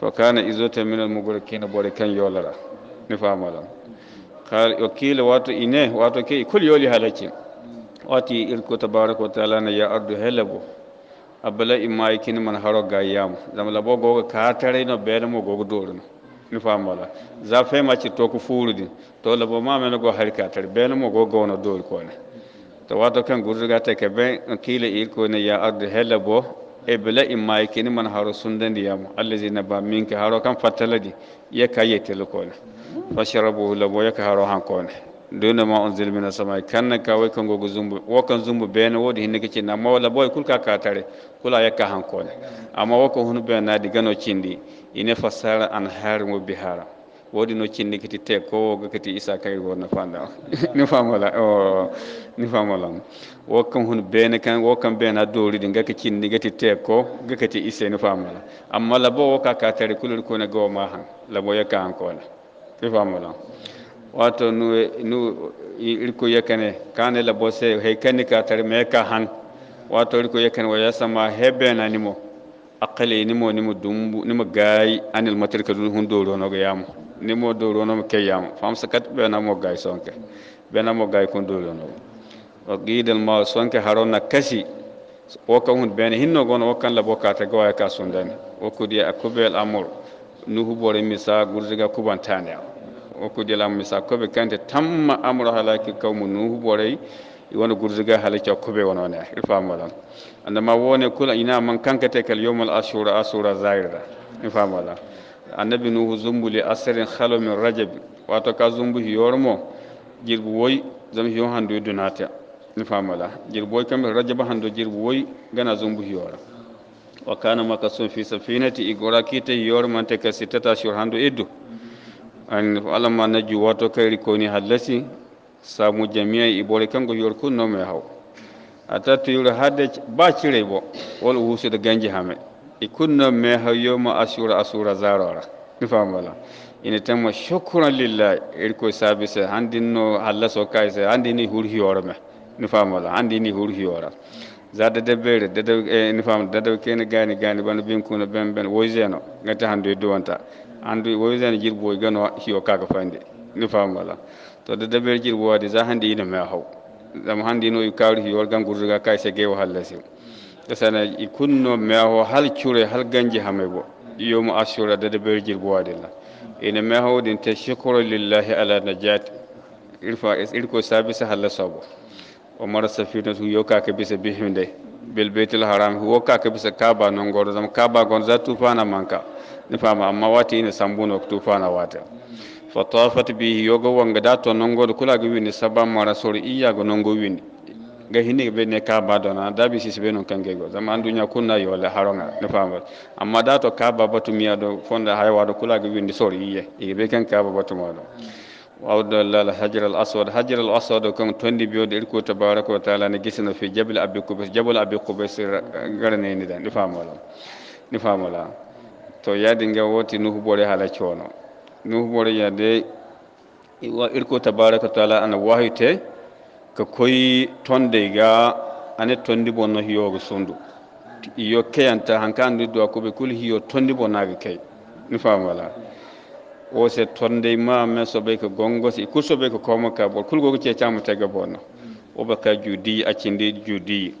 Speaker 1: فكان إزو تمنال مغور كين بوري كان يولارا نفهم الله wakila wato ine wato ke kul yoli halaki wati tabarak wa ta'ala na ya ardu helabo abala imai kin man haro gayam zam labo goga ka tare no bere mo gogo dorun ni famala za fe ma ci to ku furudi to labo ma men go har ka tare bere mo gogo no dor ko ne to wato kan ga ta ke be kila irko ne ya ardu helabo e bala imai kin man haro sundan diyam na ba min ke haro kan fataladi ya kaye telko ne fasharabu labo ka haro ne don ma unzil min samai kanna ka wai kan gogo zumbu wo kan zumbu bene wodi hinne kace na mawla boy kul ka ka tare kula yaka ne amma wo ko hunu be na diga no cindi ine fasara an harin mo bihara wodi no cindi kiti te ko ga kiti isa kai go na fanda ni famola o ni famola wo kan hun bene kan wo kan be na dori dinga ka cindi ga te ko ga kiti isa ni famola amma labo wo ka ka tare kulul ko na go ma han labo yaka ne. tifamula wato nu nu irko yakane kane la bose heikani ka tar meka han wato irko yakane waya sama hebe na nimo akale nimo nimo dumbu nimo gai anil matirka dun hundo rono ga yamu nimo do rono mo kayamu fam sakat be na mo gai sonke be na mo gai kundo rono wa gidal ma sonke harona kashi wokan hun bene hinno gono wokan la boka ta gawaya ka sundani wokudi akubel amur nuhu bore misa gurziga kubantani wo kudilam misa kobe kante tamma amru halaki kawmu nuhu boray wona gurzuga hala cakkobe wonone il famolan andama wone kula ina man kankate kal yowmal ashura asura zahirra il famolan annabi nuhu zumbu li asarin halo min rajabi wato ka zumbu hiyormo jirbu woy zam hiyo handu dunata il famola jirbu woy kamɓe rajaba hando jirbu woy gana zumbu hiyora wa kana makasun fi safinati igora kita hiyor mante ka sittata ashur handu iddu an alama na juwato kairi koni hallasi samu jami'a ibore kango yorkun no me haw atatu yura hadde ba cire bo wal wusu da ganji hame ikunno me haw yoma asura asura zarora mi famala ina tamma shukran lillah irko sabise handinno hallaso kaise handini hurhi yorme mi famala handini hurhi yorame zada debbere dadaw e ni fam dadaw kene gani gani bano bin kuna ben ben woy zeno ngati hande do wonta andu wowisani jirboy gano hiyo kaga fande ni fam wala to da daber jirbo wadi za hande ina ma haw zam handi no yukawri hiyo gan gurduga kay se gewo halasi to sana ikunno ma ho hal cure hal ganji hamego yo mu asura da daber jirbo wadi la ina ma haw din ta shukru lillahi ala najat irfa is irko sabisa bo o mara safina su yoka ka bisa bihinde bel baitul haram wo ka ka bisa kaaba non gordo zam kaaba gon za tufana manka nifama amma wati ina sambuno ko tufana wata fatafat bihi yogo wanga da to nongol kula ga wini saban mara sori iya ga nongo wini ga hini be ne ka ba dona da bi sisi non kange go zama andunya kunna yo la haronga ne amma da to ka ba batu miya do fonda haywa do kula ga wini sori iya e be kan ka ba batu ma do awdallal hajar al aswad hajar al aswad kan tondi biyo da irko tabaraka wa taala ne gisina fi jabal abi kubais jabal abi kubais garne ni dan ni famola ni famola to yaadinga woti wonti nuhuɓore haala coono nuhuɓore yaade irko tabaraka taala ana wahyite ko koye tonde ga ane tondi bonno hiyogo sundu iyo keyanta hanka andirdu hakkuɓe kuli hiyo tondi bonnaga key mi faam wala o se tondey ma men soɓey ko gongo si kul soɓey ko komo ka bon kulgogo ceecama tega bonno oba ka juudiyi accindi juudiyi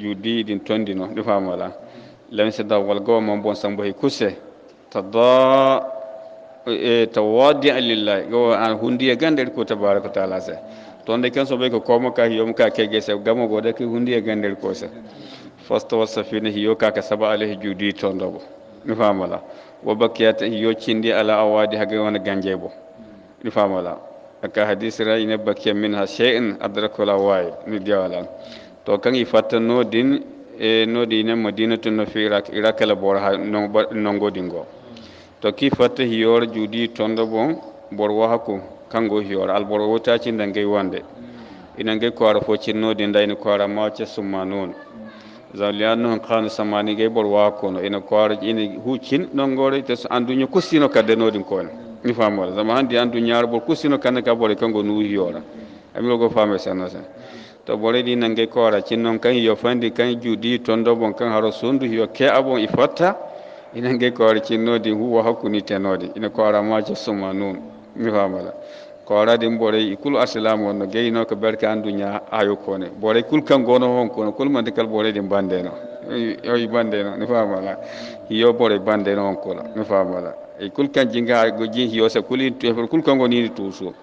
Speaker 1: juudiyi ɗin tondi no mi faam wala lamisa da walgawa man bon sambo bai kuse ta da e ta wadi alilla go an hundi ya gandar ko tabaraka taala sa to ande kan so bai ko koma ka yom ka ke gese gamo go da ki hundi ya gandar ko sa fasta wasafina hiyo ka ka saba alaihi judi to ndabo ni famala wa bakiyata hiyo cindi ala awadi haga wana ganje bo ni famala aka hadis ra ina bakiyamin ha shay'in adrakula way ni diwala to kan yi fatan no din e noɗi nen madinatu no fe irakala bor ha nongodin go to ki fatta yor judi, tondo bon bor wa ko kango bor wota ci ndangey wande ina ngey koara fo di ndayni ma ci summa non. zawliyan n'o kan samani ge bor no ina koara ina huccin nongore te so ka de no noɗin ko mi famoɗa sama hannde andu ñaaro bor kusino kan ka bor kango nuwi hiyora amilo go famo sanasa to bore ɗi nange koora noon kan yo fandi kan juudi tondo bon kan haro sundu yo ke abon e fotta inange koora cinnodi huwa hakkunitenode ina koora majo suma nun mi famala koraɗin boray ikul asilamu wonno geyino ko berke anduña ayo kone boray kul kan gono hon kono kul mande kal boray ɗin bandeno yoy bandeno mi famala hiyo boray bandeno on kola mi famala e kul kan jinga go jin hiyo sa kulin tefor kul kan gonini toujours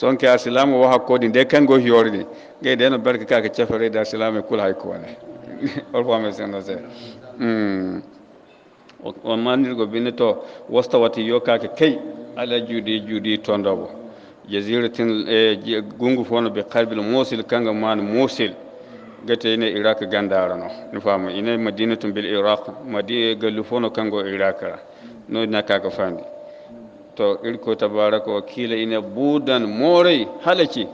Speaker 1: sonke asilamu wo hakkodi nde kango hiyorni gey deno barke kake cafarede asilamu e kula hay ko wona hol fome seno se o mandirgo binde to wostawati yo kake kay ala juudi juudi tondobo jaziratin e gungu fono ɓe kalbil mosil kanga mano mosil gete ine iraq gandarano ni fama ine madinatum bel iraq madi gallu fono kango iraq ra no nakaka fandi to irko tabaraka wakila ina budan morai halaki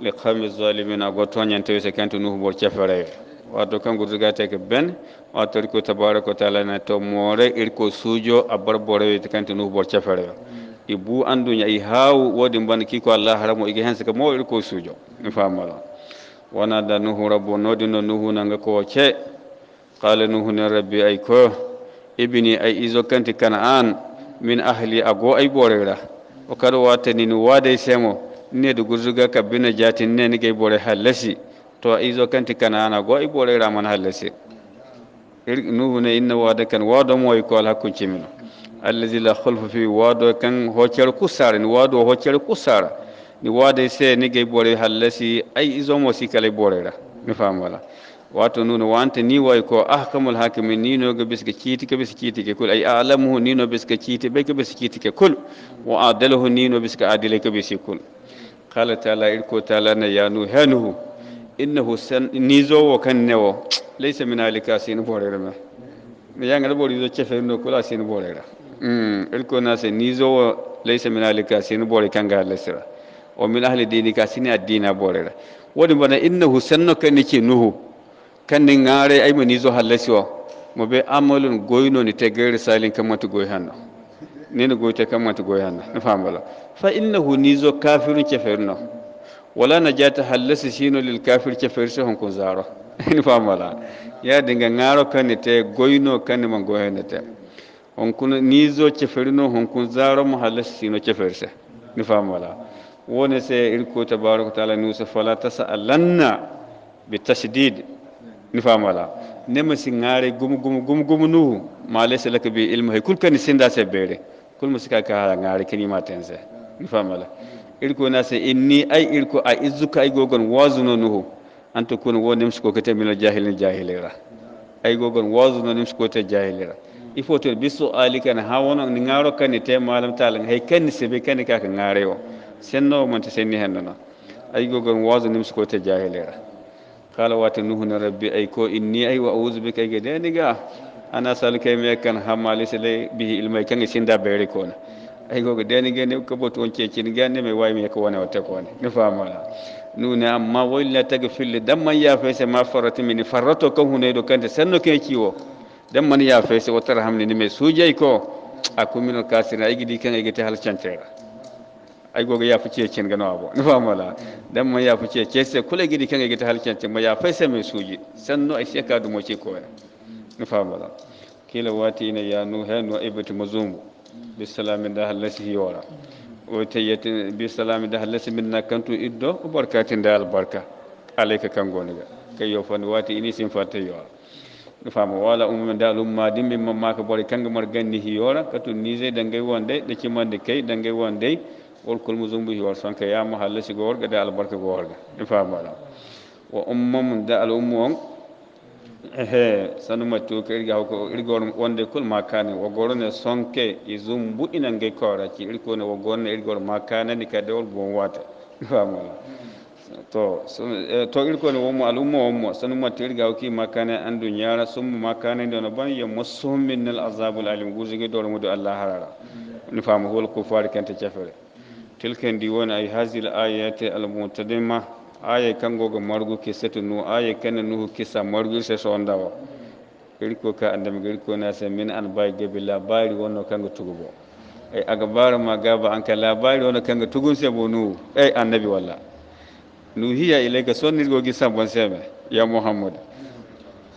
Speaker 1: li qawmi zalimina goto toñen tawi se kento nuhu bo chefere wato gudu ga ko ben wato irko tabaraka taala na to morai irko sujo a barbore te kento nuhu bo chefere ibu andu nya i wodi ban ki ko allah haramo igi hanse sika mo irko sujo mi famala wana da nuhu rabbo nodino nuhu nanga ko che qala nuhu ne rabbi ay ko ibni ay izo kanti kana'an min ahli ago ay borera o kada watani ni ni wadai semo ne da gurzuga ka bina jatin ne ni gai bore halasi to a izo kanti kana ana go ay borera man halasi nuhu ne inna wada kan wado mo ko al hakun cimino allazi la khulfu fi wado kan hocer kusara ni wado hocer kusar ni wadai se ni gai bore halasi ay izo mo sikale borera mi fam wala wato noon wonta ni way ko ahkamul hakimi ninoga biska ciiti ke bisa ciiti ke kul ay alamuhu nino biska ciiti ɓe ke bisa ciiti ke kul wo adalahu nino biska adile ke bisi kul qala taala irko taala na yanu hanuhu innahu nizowo kan newo laysa min alika sino borera ma mi yangata ɓori zo cefenno kula sino borera irko na se nizowo laysa min alika sino bore kanga lesira o min ahli dini ka sini addina borera wodi bana innahu senno kan ni ci nuhu kanni ngare ay mani zo hallasi o mo be amalun goyno ni te gere salin kan mata goyi hanno ni ni goyi te kan goy hanno ni famala fa innahu nizo kafirun kafirun ferno wala najata halasi shino lil kafir kefer shi hon ko zaro ni famala ya dinga ngaro kanni te goyno kanni man goy hanno te hon kun nizo zo ferno hon kun zaro mo halasi shino kefer shi ni famala bala wone se irko tabaraka taala nusa fala tasallanna bitashdid nifamala nema singare gumu gumu gumu nuhu ma male se bi ilmu hay kulka ni sinda se bere kul musika ka hala ngare kini matense nifamala irko na se inni ay irko a izuka ay gogon wazuno nuhu anta kun wo nim sko kete jahil jahilin jahilera, ay gogon wazuno nim sko te jahilira ifo te bisu alika na hawono ni ngaro kani te malam talan hay kani se be kan ka ka ngare yo senno man te senni henno ai gogon wazuno nim sko te jahilera kala wata nuhu na rabbi ai ko ni ai wa auzu bika ni ga ana saluka me kan hamali sele bi ilmai kan bare ko na ai go deniga ne ko boto on ga ne me wai me ko wona wata ko ne ne famala nuna amma walla tagfil dan man ya fesa ma farati min farato ko hunai do kanta sanno ke kiwo dan man ya fesa wata rahamni ni me sujai ko akumin kasira igidi kan ay hal chantera ay goga ya fice cin gano abu ni famala dan ma ya fice ke sai kula gidi kan gita halkin cin ma ya fai sai mai suji sannu ai sheka ka dumo ce koya ni famala kila wati ne ya nu hanu ibtu mazum bisalamin da halasi yora o tayyati bisalamin da halasi minna kantu iddo barkatin da albarka alayka kan goniga kai yo fani wati ini sin fata yora fama wala umma da lumma min ma ka bori kanga mar ganni hiyora katun dangai wande, da kiman da kai dangai wonde wolkol mo zumbi hiwal sonke yamo halle sigo worga da albarka go worga ɗi famoɗa wo umma mum da al ummu on he sanuma cuka irga hawko irgor wonde kul makane wo gorone sonke e zumbu inange koraki irkone wo gonne irgor makanani kadi wol gon wata famoɗa to to irkone wonmo al umma wonmo sanuma to irga hawki makane andu ñara summu makane nde no ban yo mossum minnal azabul alim gusugi dolomudo allah harara ni faama hol ko faari kente cafere tilken diwon ay hazil ayati almutadimma aya kango go margu ke setu nu aya kana nu kisa margu se ndawa girko ka andam girko na se min an bay gabe labari wonno kango tugubo ay agbara ma gaba an ka labari wonno kango tugun se bonu ay annabi walla nuhiya ka sonni go gisa bon seme ya muhammad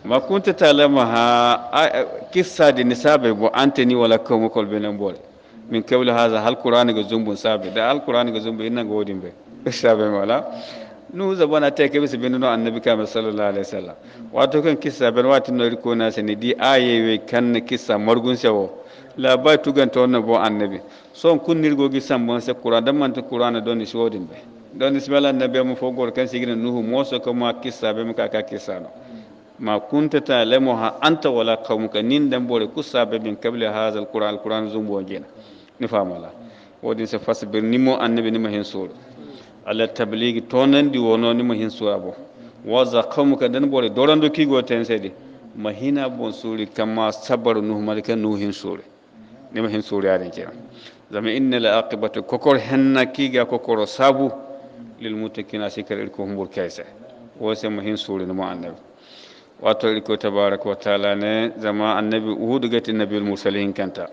Speaker 1: ma kunta talama ha kissa di nisabe bo antani wala ko mo kol nan bole min haza hal qur'ani ga zumbun sabe da halkuranigo zumbu inna ngo woodin ɓe saabe wala nu zabana ta ke so binu annabi kame sallallahu alaihi wasallam wato kan kissa no riko na sani di ayewe kanne kissa morgun sewo labay tuganta na bo annabi son kun san ban se qur'an da ni shodin be don ni simala annabi mu fogor kan sigina nuhu moso ko ma kissa ka ka kaka no ma ta lemo ha anta wala qawmuka nin kusa kussaɓe min kable haha alquran alquran zumbo jena ni famala wodin se fasbir ni mo annabi ni mahin sura ala tabligi tonandi wono ni mahin sura bo wa zaqamuka dan bore dorando kigo ten sedi mahina bon suri kama sabar nuh malika nuhin sura ni mahin sura den kenan zama inna la aqibatu kokor henna kiga kokoro sabu lil mutakina sikar ilko humbur kaisa wose mahin sura ni mo annabi wato ilko tabaraka wa taala ne zama annabi uhud gati nabiyul mursalin kanta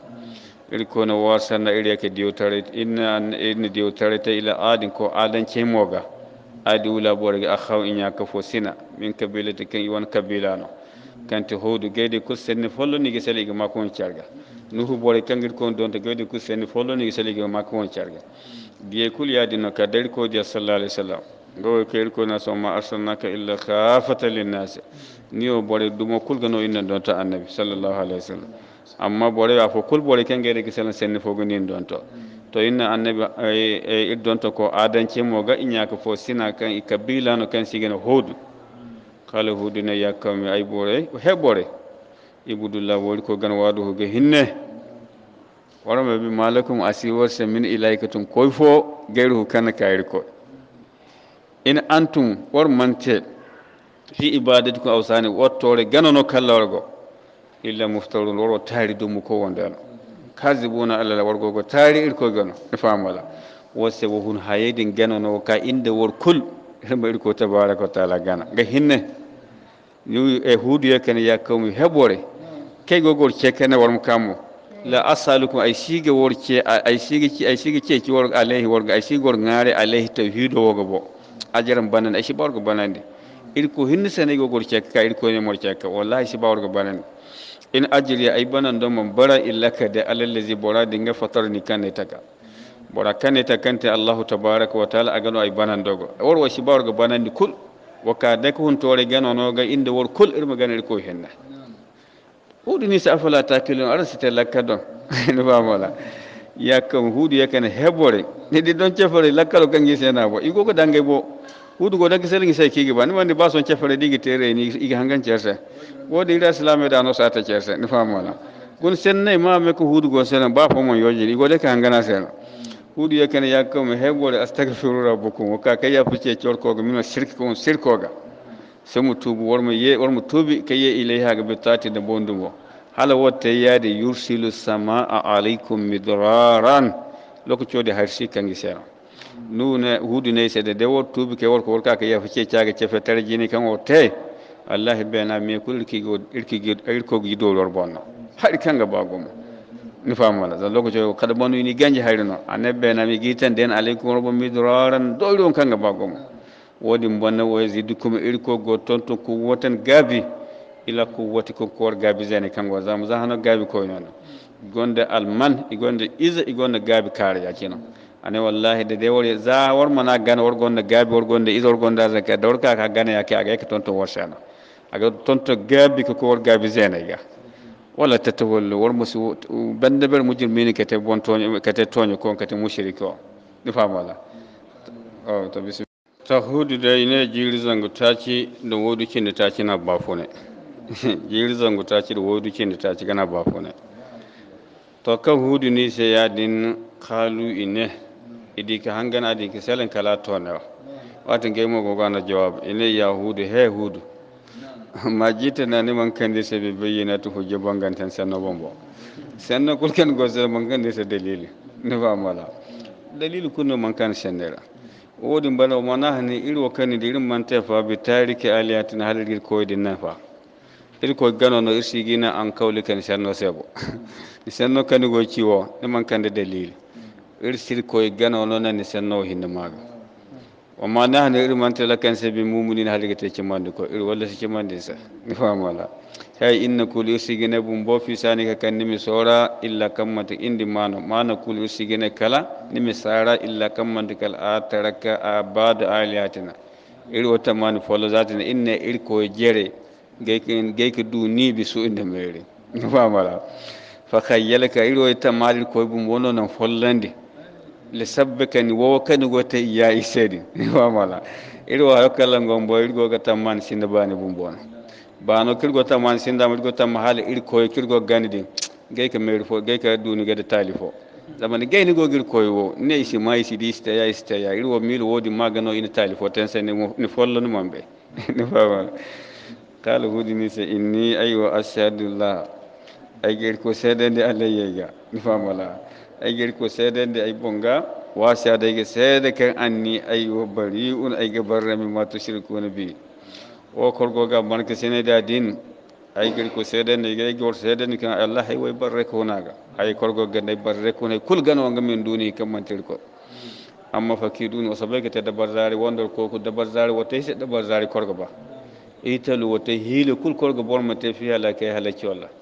Speaker 1: irko na wasa na iriya ka diyotare ta ila adin ko adan ce moga adi wula bor ga akhaw in ya kafo sina min kabila ta kan iwan kabila no kan ta hodu gaide ku sen follo ni gisali ga makon charga nuhu bor kan kon don ta gaide ku sen follo ni gisali ga makon charga biye kul ya dino ka ko dia sallallahu alaihi wasallam gowo ke irko na so ma arsalnaka illa khafatan lin nas niyo bor dumo kul gano inna don ta annabi sallallahu alaihi wasallam amma bore wa fof kul bore kengeede kisel senne fof gonin ɗon to to inna annabi e, e irdon to ko adancimo ga iñaka fof sina kan ikka bilano kan sigena hoodu kala hudune yakkami ay bore heɓɓore ibudullah wori ko gan waadu ho ge hinne warama bi malakum asiworse min ilayka tum koy fo geyru hu kana kayri ko ina antum wor mante fi ibadatikum awsani wottore ganano kallorgo illa muftarun woro taari dumu ko wondeno kasibuna allah la wargogo taari irko geno e famala wose wo hun hayeyden genonowo ka inde wor kol irma irko tabaraka wa taala gana ga hinne e huudoyo kene yakkawmi heɓore keygogol cekkene wormo kammo la asalukum ay siige worce ay siige ay siige ceeci wor alayhi worgo ay siigor ŋaare alayhi taw hiidowogo bo ajaram banande ay siba worgo banande irko hinne sene gogol cekka ka irkoynemor cekka wallahi siba worgo banande in ajiri yi banan don mambara bara illaka da alallazi bora dinga fatar ni kan taka bora kan ta kanta tabarak wa ta'ala a yi banan dogo war wa shibar ga banan ni kul wa ka da kun tore gano na ga inda war kul irma ganar ko henna hudu ni sa afala takilun arsi talaka don ni ba mola yakan hudu kan hebore ne di don chefore lakalo gisa yana ba bo igogo dangai bo wudu godan kiselin sai kigi ba nimandi bason cefere digi tere ni igi hangan cerse wodi ila islame da no sata cerse ni famu gun senne ma me ko hudu go selen ba fo yoji igo le ka hangana sel hudu yakene yakko me hebole astaghfiru rabbukum wa ka kaya fice corko ga mino shirki ko shirko ga sai tubu war mu ye war mu tubi kaye ilaiha ga bitati da bondugo hala wotte yade yursilu samaa alaikum midraran lokacin da harshi kan gisera nune hudu ne sai da dawo wor tubi ke wor ko wor ka ya fice caga cefe tar jini kan wor te allah bena me kul irki go irki go irko gi do lor bonno har kan ga ba goma ni famu wala zan lokaci kada bonu ni ganje harino bai na mi gitan den alaikum rabbi midraran do don kan ga ba goma wodi bonna wo zidukum irko go tonto ku wotan gabi ila ku woti ko kor gabi zani go zamu zahano gabi ko nono gonde alman igonde iza igonde gabi kare yakino ane wallahi de de wori za wor mana gan wor gonde gabi wor gonde iz wor gonda zaka da ka ka gane yake aga ke tonto wor shana aga tonto gabi ko wor gabi zena ya wala tatawul wor musu bande ber ke te bon ke te toñu ko te mushriko ni wala o oh, to ta hudu da ine jiri zangu taci da wodu kin da taci na bafone jiri zangu taci da wodu kin da taci kana bafone to ka hudu ni sai ya din kalu ine idika hangana adiki selen kala tonewa watin mo gogo na jawab ine yahudu he hudu ma jita na ni man kandi se be bayyana to hujja bangantan sanno bombo sanno kulkan gozal man kandi se dalili ne ba mala dalili kunno man kan sanera wodin o mana hani irwo kani dirin man tefa bi tariki aliyatin halgir koydin nafa ko gano no irsigina an kawli kan sanno sebo sanno kani go ciwo ne man kandi dalili إرسل كويجان ولنا نسنو هنماغ وما نحن إرو مانت لكن سبي مؤمنين هل كتشمان دكو إرو ولا سكمان ديسا نفهم ولا هاي إن كل يسجنا بمبو في سانة كان نمسورا إلا كم مت إن دمان ما نقول يسجنا كلا نمسارا إلا كم مت كلا أترك أباد آلياتنا إرو تمان فلزاتنا إن إرو كويجري جيكن جيك دوني بسوء نميري نفهم ولا فخيالك إرو تمان كويبون ونون فلندي lisabbikani wo kani gote ya isedi wamala irwo hayo kala ngombo irgo gata man sinda bani bumbona bano kirgo ta man sinda mirgo ta mahal kirgo ganidi gay ka merfo duni gada talifo zaman gay gogir koyo ne isi mai si di sta ya sta ya milu wodi magano ina talifo ten ni follo ni mambe ni fama kala hudi ni inni aywa ashhadu la ay gir ko sedende alayya ni fama la ay gir ko sedende ay bonga wasa da ga sede kan anni ay wa bari'un ay ga barrami ma tushrikuna bi o korgo ga man ka sene da din ay gir ko ne ga gor ne kan allah ay way barre ko naga ay korgo ga ne barre ko ne kul gan ga min duni kan man ko. amma fakidun wasabe ke ta dabar zari wandar ko ku dabar zari wata sai dabar zari korgo ba italu wata hilu kul korgo bor ma tafiya la kai halaki wallahi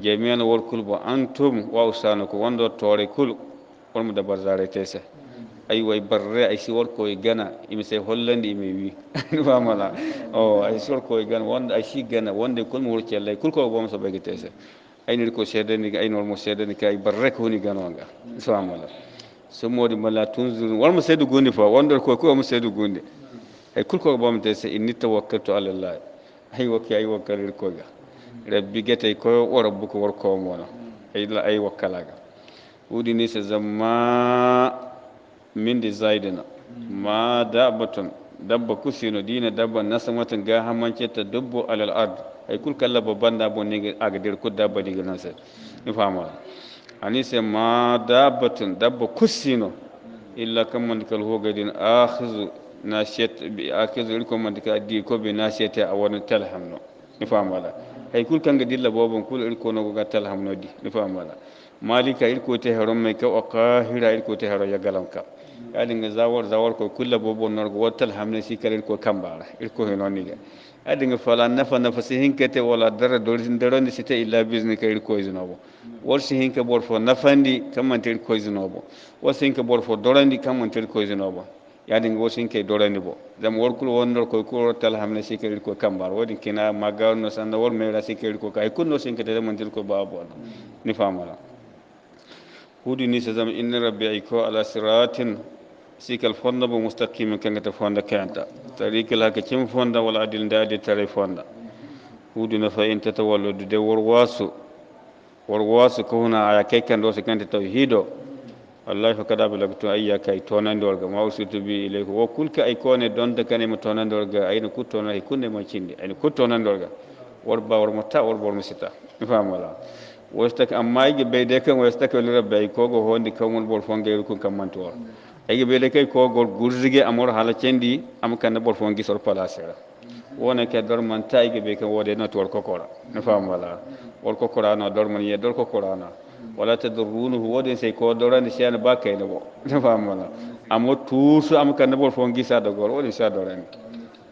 Speaker 1: jami'an ba an tum wa usanukum wondo toore kul mu dabar zare tese ayi way barre ay si worko e gana imi sey hollandi imi wi famala o oh, ay si worko e gana wanda ay si gana wonde kolmo wor cellay kulko bomo so ɓeyge tese ni ko seedani aynormo seedani ka ay barre ko woni ganonga famala sommode mala tunzurun wonmo seedu gundi fo wonde ko ko omo seedu gundi ay kulko bomo tese inni tawakkaltu alallah ay wokki ay wakkalir ga. rabbi getay koyo wo rabbuka workoomona ayla ay wakkalaga udini se zamma mindi zaydina ma dabatun dabba kusino dina dabba nasamatan ga hamanceta dubbo alal ard ay kul kala babban dabo ne aga dir ku dabba diga nan sai ni fama ani se ma dabatun dabba kusino illa kam man kal hogadin akhizu na shet bi akhizu ilko man ka di ko bi na shete a wani talhamno ni fama hay kul kanga dilla boban kula irko no ga tal hamnodi difa mala malika irko te haron mai ka o qahira irko te haro ya galam ka yadin ga zawar zawar ko kulla bobon nar go hamne si kala irko kan bara irko he non niga yadin ga fala nafa nafa si hinka te wala dara dorin daron si te illa bizni ka irko iznobo wal si hinka bor fo nafandi kamman te irko iznobo wal si hinka bor fo dorandi kamman te irko iznobo yadin go sin kay dorani bo zam wor kul wonnor koy kuro tal hamne sikiri ko kambar wodin kina maga no sanna wor mera sikiri ko kay kunno sin kete man dil ko babo ni famala hudu ni sazam inna rabbi ko ala siratin sikal fonda bo mustaqim kan ta fonda kanta tariqal hakakim fonda wal adil ndade tare fonda hudu na fa in tatawallu de wor wasu wor wasu ko na aya kay kan do sikante tawhido wallahi fa kada balagtu ayyaka ay tonandol ga mawsutu bi ilayka wo kulka ay kone donde kane mo tonandol ga ayno ku tonay kunne mo cindi ayno ku tonandol ga worba wormo ta worba wormo sita mi faam wala wostak amma yige beyde kan wostak wali rabbe ay kogo hondi kawmon bol fonge ko kam manto or ayge beyde kay kogol gurzige amor hala cendi am kan bol fongi sor pala sera wona ke dor man tayge be kan wode no tor kokora mi faam wala wor kokora no dor man ye dor kokora no wala tadrunuhu wodin sey ko dorani seyana ba kayna bo famala amo toujours amo kanna bol fo gisa dogol wodin sa dorani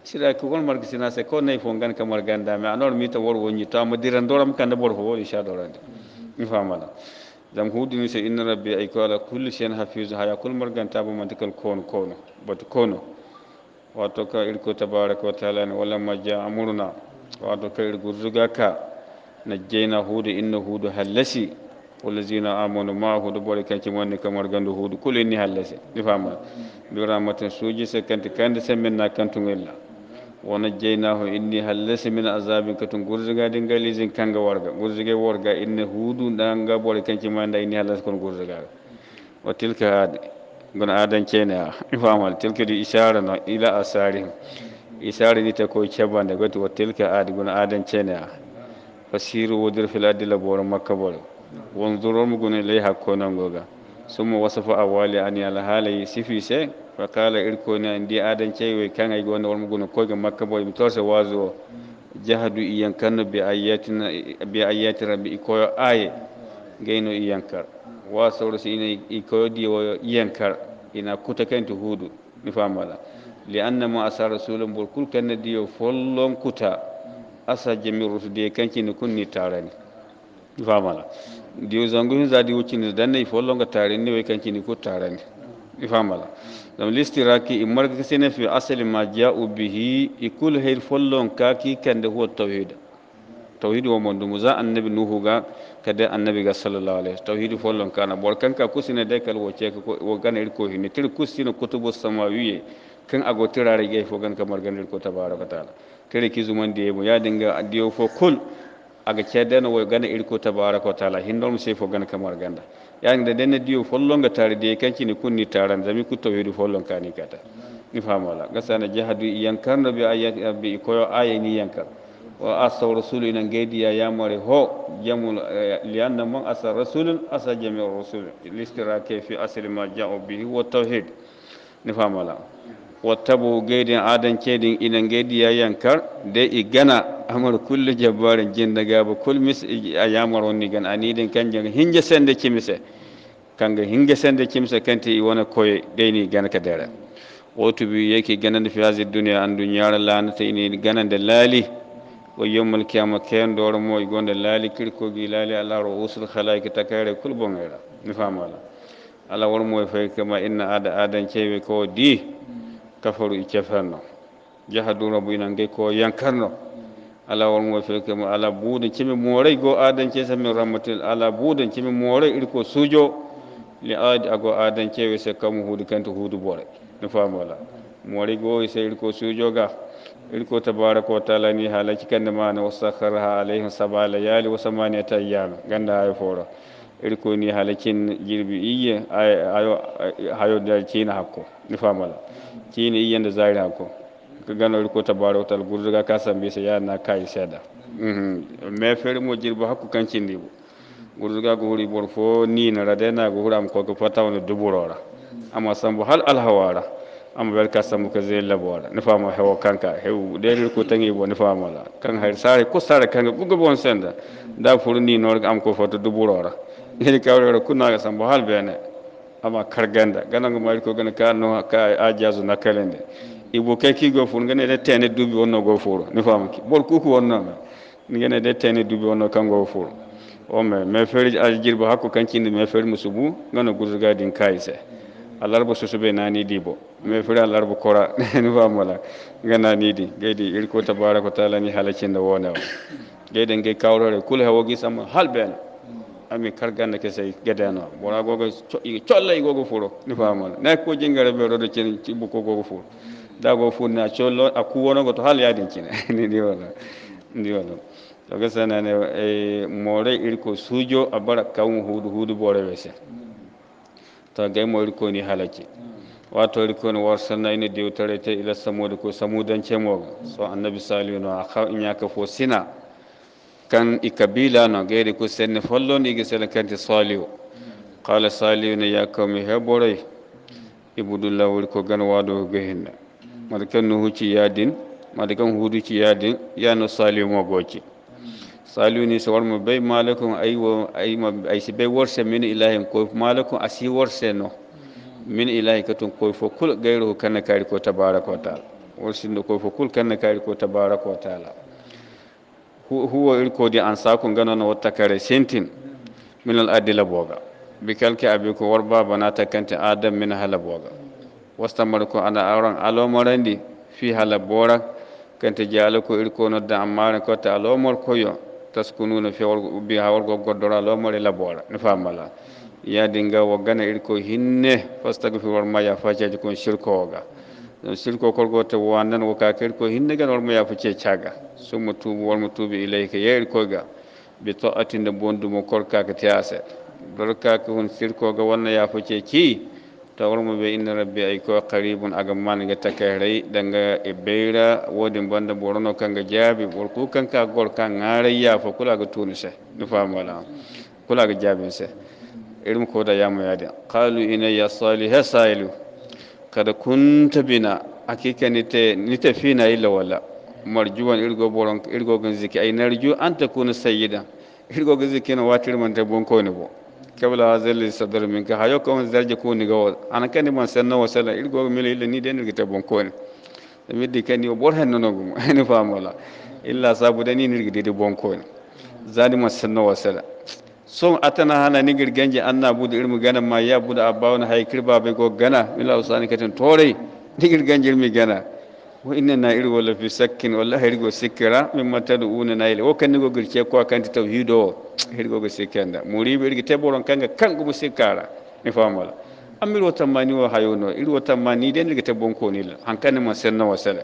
Speaker 1: sira ko gol margi sina se ko nay fo gan kamar ganda me anor mi to wor woni to amo diran doram kanna bol fo wodin sa dorani mi famala dam hudini se inna rabbi ay ko ala kulli shay'in hafiz haya kul margan tabu man tikal kon kono bat kono wato ka irko tabaraka wa ta'ala ne wala majja amurna wato ka irgo zuga ka najjayna hudu inna hudu hallasi والذين آمنوا معه دبولي كان كمان كمار غندو هود كل إني هلسي نفهم برحمة سوجي سكنت كان سمنا كنت ملا ونجيناه إني هلسي من عذاب كتن غرزغا دنگلي زين كانغا ورغا غرزغا ورغا إن هود دانغا بولي كان كمان دا إني هلسي كون غرزغا وتلك هاد غن آدن كينا نفهم تلك دي إشارة إلى أسارهم إشارة دي تكوي كبان دا وتلك هاد غن آدن كينا فسيروا ودر في الأدلة بور مكة wanzuro mu gune lai hakko nan goga sun mu wasu fa awali an yi ala sifi se fa kala irko ne ndi adan ceywe kan ay gonda wormugune koyga makka boy mi torse waso o jahadu iyankanno bi ayatina bi ayati rabbi ikoyo aye gayno iyankar wasoro si ina ikoyo diwoyo iyankar ina kuta kan tu hudu ni famala li mu asa rasulun mbol kul kanna diyo follon kuta asa jami rutude ni kunni tarani mi famala diyo zangoyin za di ni da ne fo longa tare ne wai kanki ni ko tare ne ifamala dam raki imar ka sene fi asali ma ja'u bihi ikul hayr follon ka ki kande ho tawhid tawhid wa mondu muza annabi nuhu ga kada annabi ga sallallahu alaihi tawhid follon kana bor kanka kusine de kal wace ka ko wo gan ir ko hini tir kusine kutubu samawiye kan ago tirare ga fo gan kamar gan ko tabaraka taala tere ki zuman de mu ya dinga adiyo fo kul aga dana wai gana irko ko tala taala hindolmo sefo gana kamar ganda yani da denne diyo follonga tare de kancini kunni taran zami ku tawhidu follon ni kata ni famola gasana jahadu yankarno be aya be koyo aya ni yankar wa asa rasulu ina gaidiya ya mare ho jamul eh, lianna man asa rasulun asa jami'ur rasul listirake fi asli ma ja'u bihi wa tawhid ni famola wattabu gaidin adan kedin inan gaidi ya yankar da igana amur kullu jabbarin jin daga ba kul mis a yamar wani gan anidin kan jan hinge sen da kimse kan ga hinge sen da kimse kan ta yi wani koye gaini gana ka dare wato biyu yake ganan da fiyazi duniya an duniyar lanata ine ganan da lali wa a makayan da wani mawai gwanda lali kirkogi lali ala ruusul khalaiki takare kul bongera ni famala ala war mawai fay kama ina ada adan cewe kawai di kafaru i ceferno jaha durabo ina gey ko yankarno ala wolmo fewke mo ala buuden cimi mooray goo aadanceesa min rahmatil ala buuden cimi mooray iri ko li aadi ago aadanceewe se kamu huude kanto huudu bore no faamola mooray goo se iri ko suujo ga iri ko tabaraka wa taala ni haala cikande maane wa sakharaha alayhim saba layali wa samaniyata ayama ganda hayo fooro iri ni haala cin jirbi iye hayo nder ciina hakko no faamola kini yanda zaira ko ka gano ko tabaro tal gurzuga ka sambe se ya na kai seda mhm. mm-hmm. me fer mo jirbo hakku kanci ni gurzuga go huri bor fo ni na rade na go huram ko ko fata wona duburora amma sambo hal alhawara hawara amma bel ka sambo ka zai labora ni fama hewo kanka hewu de ko tangi bo ni fama la kan har sare ko sare kan go go bon senda da furu ni nor am ko foto duburora ni kawre kuna ga sambo hal bene ama karganda gana ngo mari ko gana kano ka ajazo na kalende ibo ke ki go fun gane de tene dubi wonno go furo ni fam ki bol ku ku wonno ni gane de tene dubi wonno kan go furo o me me feri ajir ba hakko kan cinde me feri musubu gana gurga din kaise alarba su sube na ni dibo me feri alarba kora ni fam wala gana ni di gaidi irko tabaraka taala ni halacin da wona gaiden ge kawrore kul hawogi sama halben ami karganna kesay gedeno wora gogo collay gogo fuuro ni faamala naki ko jingare ɓe ɗoɗo cen cibbu ko gogo fuuro dago fuurne a collo a kuwonogo to haala yaadin cine ni ndi wala ndi wala toke sanane e moore iri ko suujo a bara kawum huudu huudu boore wese to gay moori koni halaji watori koni warsalna ina dewtarete ila samuda ko samudancemooga so annabi salino a ñaka fo sina kan i kabila na geeri ku senne follon igi sele kanti saliu qala saliu ne ya kawmi heɓoroy ibudullah wori ko gan waɗo go hinna mata kan no hucci yadin mata kan huduci yadin yano saliu mo gooci saliu ni so warmo bey malakum aywo ayma ay si bey worse min ilahin koy malakum asi worse no min ilahi ka tun koy fo kul gayro kanna kari ko tabaraka wa taala worsindo koy fo kul kari ko tabaraka wa huwa di an kun na wata kare sentin min al'adila boga bikalki abiku war bana na kanti adam min hala boga wasta marko ana auren alomarandi fi hala bora kanta jala ko irko da amma ko ta alomar koyo na fi bi hawar gogodora alomar la bora ni famala ya dinga wagana irko hinne fastagfirwar ma ya fajaji kun shirko waga shirko kolgoto wannan woka kerko hinnegan ya fice caga summo tuubu wolmo tuubi ilayka yeeri koyga ɓe to tiyase barka ka hun dorkaka hon sirkoga wonna fice ki ta wolmo be inna rabbi ay ko qaribun aga ga takairai ɗanga e beyra woodi banda borono kanga jaabi wolku kanka gor ka ŋaaray yafo kulaga tuni se no famola kulaga jaabin se irum koda yamoyade qalu ya salihu sailu kada kunta bina hakika ni tafi na yi wala marjuwan irgo ziki a yi na narju an takuna sayida irgogin ziki na wata irman ta bon ko ne bo kabla zalli sadar min ka hayo kawai zarje ko ni gawa an kan man sanna wasala irgo mili ila ni den irgita bon ko da mi di ni yo bor na gumu a ani famola illa sabu da ni irgita bon ko ne zani man sanna wasala son atana hana ni girganje anna budu irmi gana ma ya budu abbawna hay kirba be go gana illa usani katin tore ni girganje irmi gana wa inna na iri wala fi sakkin wala hirgo sikira min matadu una na ile wakan go girce ko kan ta tawhido hirgo go sikanda muribi irgi teboron kanga kan go sikara ni famala amir wata mani wa hayono iri wata mani den irgi tebon ko ni hankan ma sanna wasala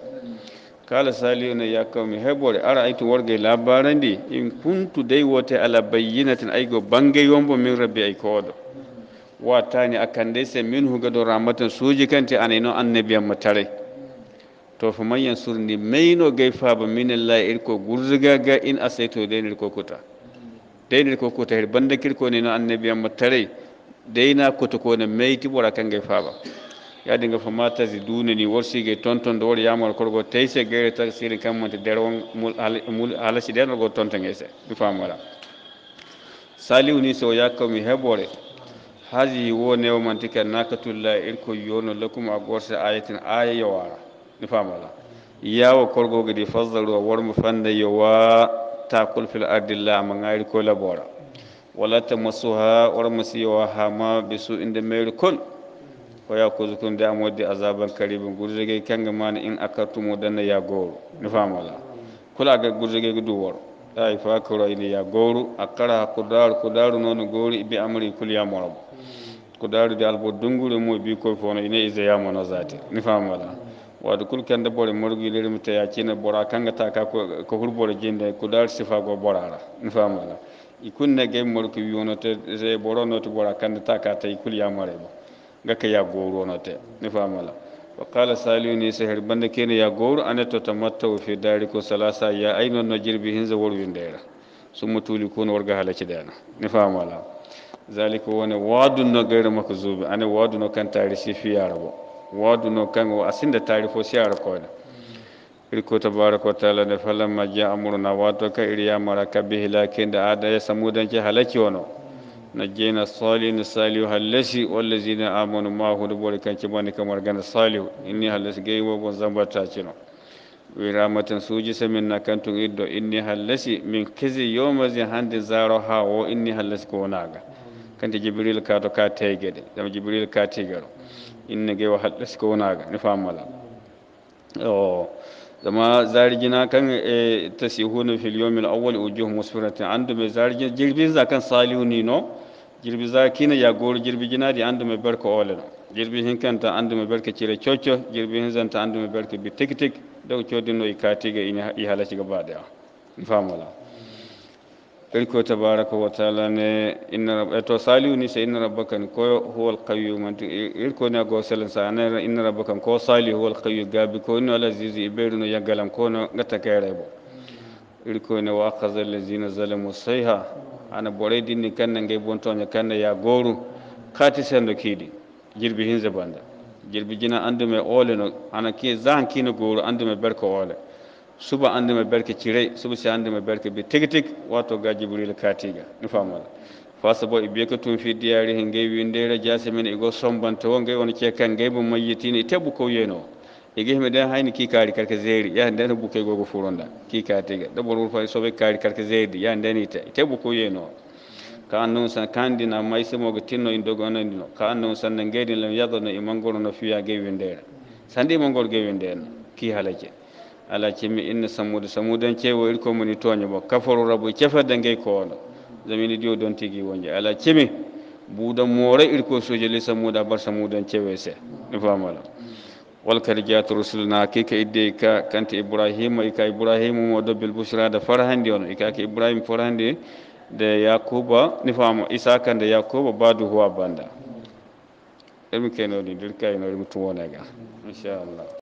Speaker 1: kala ne ya mai hebore ara warga labaran da in kuntu dai wata ala bayyinatin aigo go bangay wombo min rabbi ne a kan dai sai min don ramatan ta kanti anayno annabiyamma matare to ne mai no mayno gay faaba minallah irko ko ga in a deynir ko kuta kokota, ko kuta her bandakir ko neno dai na deyna ko na mai tibura kan gay ba. yaadi nga fo ma tasi duunani worsigue tonton do wor yamor korgo tawi se geyre tasirin kammante nder on mul alasi ɗen ogo tonton guese ɗu faam wala saliw ni so yakkami heɓore haji wo newmanti ka nakatullahi en ko yono lakum a gorsa ayatin aya yo wara ɗu faam wala yawo korgoge ɗi fasdaru o wormo fanda yo wa takol fil ardillah ma gayri ko labora wala tamassuha wormo siyowa hama be su inde meyri kol waya ko zukun da amodi azaban karibin gurjege kanga mana in aka da na ya goro nifamala kula ga gurjege guduwar ay fa koro ini ya goro akara kudar kudaru nono gori bi amri kul ya morab kudaru da albo dungure mo bi ko fono ine iza ya mono zati nifamala wadu kul kende bore morgi lere ta ya kina bora kanga ta ka ko hurbore jinde kudar sifa go borara nifamala ikunne ge morki yono yonote ze borono to bora kanda ta ka ta ikul ya moreba ka ya goro na ta ni famala wa qala saliu ni sahir banda kene ya goro ta tamatta fi dari ko salasa ya aino no jirbi hinza worwin daira summa tuli kun warga halaki dana ni famala zalika wani wadun no gaira makzubi ana wadu no kan tarisi fi rabo wadu no kan wa asinda tarifo si yarako da irko tabaraka taala ne falamma ja amuruna wato ka iriya maraka bihi lakin da ada ya samudan ke halaki wono نجينا الصالحين الصالح هلسي والذين آمنوا معه نبولي كان كمان كمان كان الصالح إني هلسي جاي وبنزم بتاعتنا ورحمة سوجي سمنا كنتم إدو إني هلسي من كذي يوم زي هند زاروها وإني هلسي كوناغا كانت جبريل كاتو كاتي جدي لما جبريل كاتي كاتيجرو إني جاي وهلسي كوناغا نفهم ولا أوه zama زارجنا كان إيه، تسيهون في اليوم الأول وجوه musfirati andu be zargin jirbin zakan salihu ni jirbi zakina ya goro jirbi jinadi andume berko oleno jirbi hin kanta andume berko cire cocco jirbi hin zanta andume berko bi tik tik dow codinno i katiga i halaciga baɗe a famola ko tabaraka wa taala ne inna to saliu ni so inna rabbaka ni koyo huwa alqawiyu manti ir koni a selen sa anara inna rabbaka ko sali huwa alqawiyu gaabi ko ni ala zizi e ɓeyruno yaggalam kono gatta kayre bo ir koni wa akaza allazina zalamu sayha ana borai dinni gai ngay bontoña kanna ya goru kati sendo kidi, jirbi hinse banda jirbi jina andume ole no ana ke zan kino gooru andume berko ole. suba andume berke cire, suba si andume berke bi tigi wato ga jibril katiga ni famola fasa bo e biye ko tun fi diyari hin gai wi ndeyre jase men ego gai woni ke kan gai bu mayyitini tebu ko yeyno igihme den hayni ki kaari karke zeri ya yaha nden bukke gogo furonda ki kaatiga ɗoɓol wurfa soɓe kaari karke zeeri yaha ndenite te bukko yeyno ka an noon kandi na maysemogo tinno in indogo onandino ka an noon sanne geydin lem yadono e mangoro no fiya gewi ndera sandi mangoro gewi ndenno ki halaje ala cimmi inna sammude sammude en ceewo ir communi tooño bo kaforo rabo cefedde ngey koono jamini dio don tigi wonje ala cimi buuda moore ir ko sojo samuda sammude abar sammude en ne famala walkar giyatu rusulna kai ka idde ka kanta ibrahim ika e ibrahim wa dabbil bushra da da wani ika ka ibrahim farhande da yakuba nifamu isa kan da yakuba badu huwa banda ilmi kai no ni dirka ino mutum wona ga insha Allah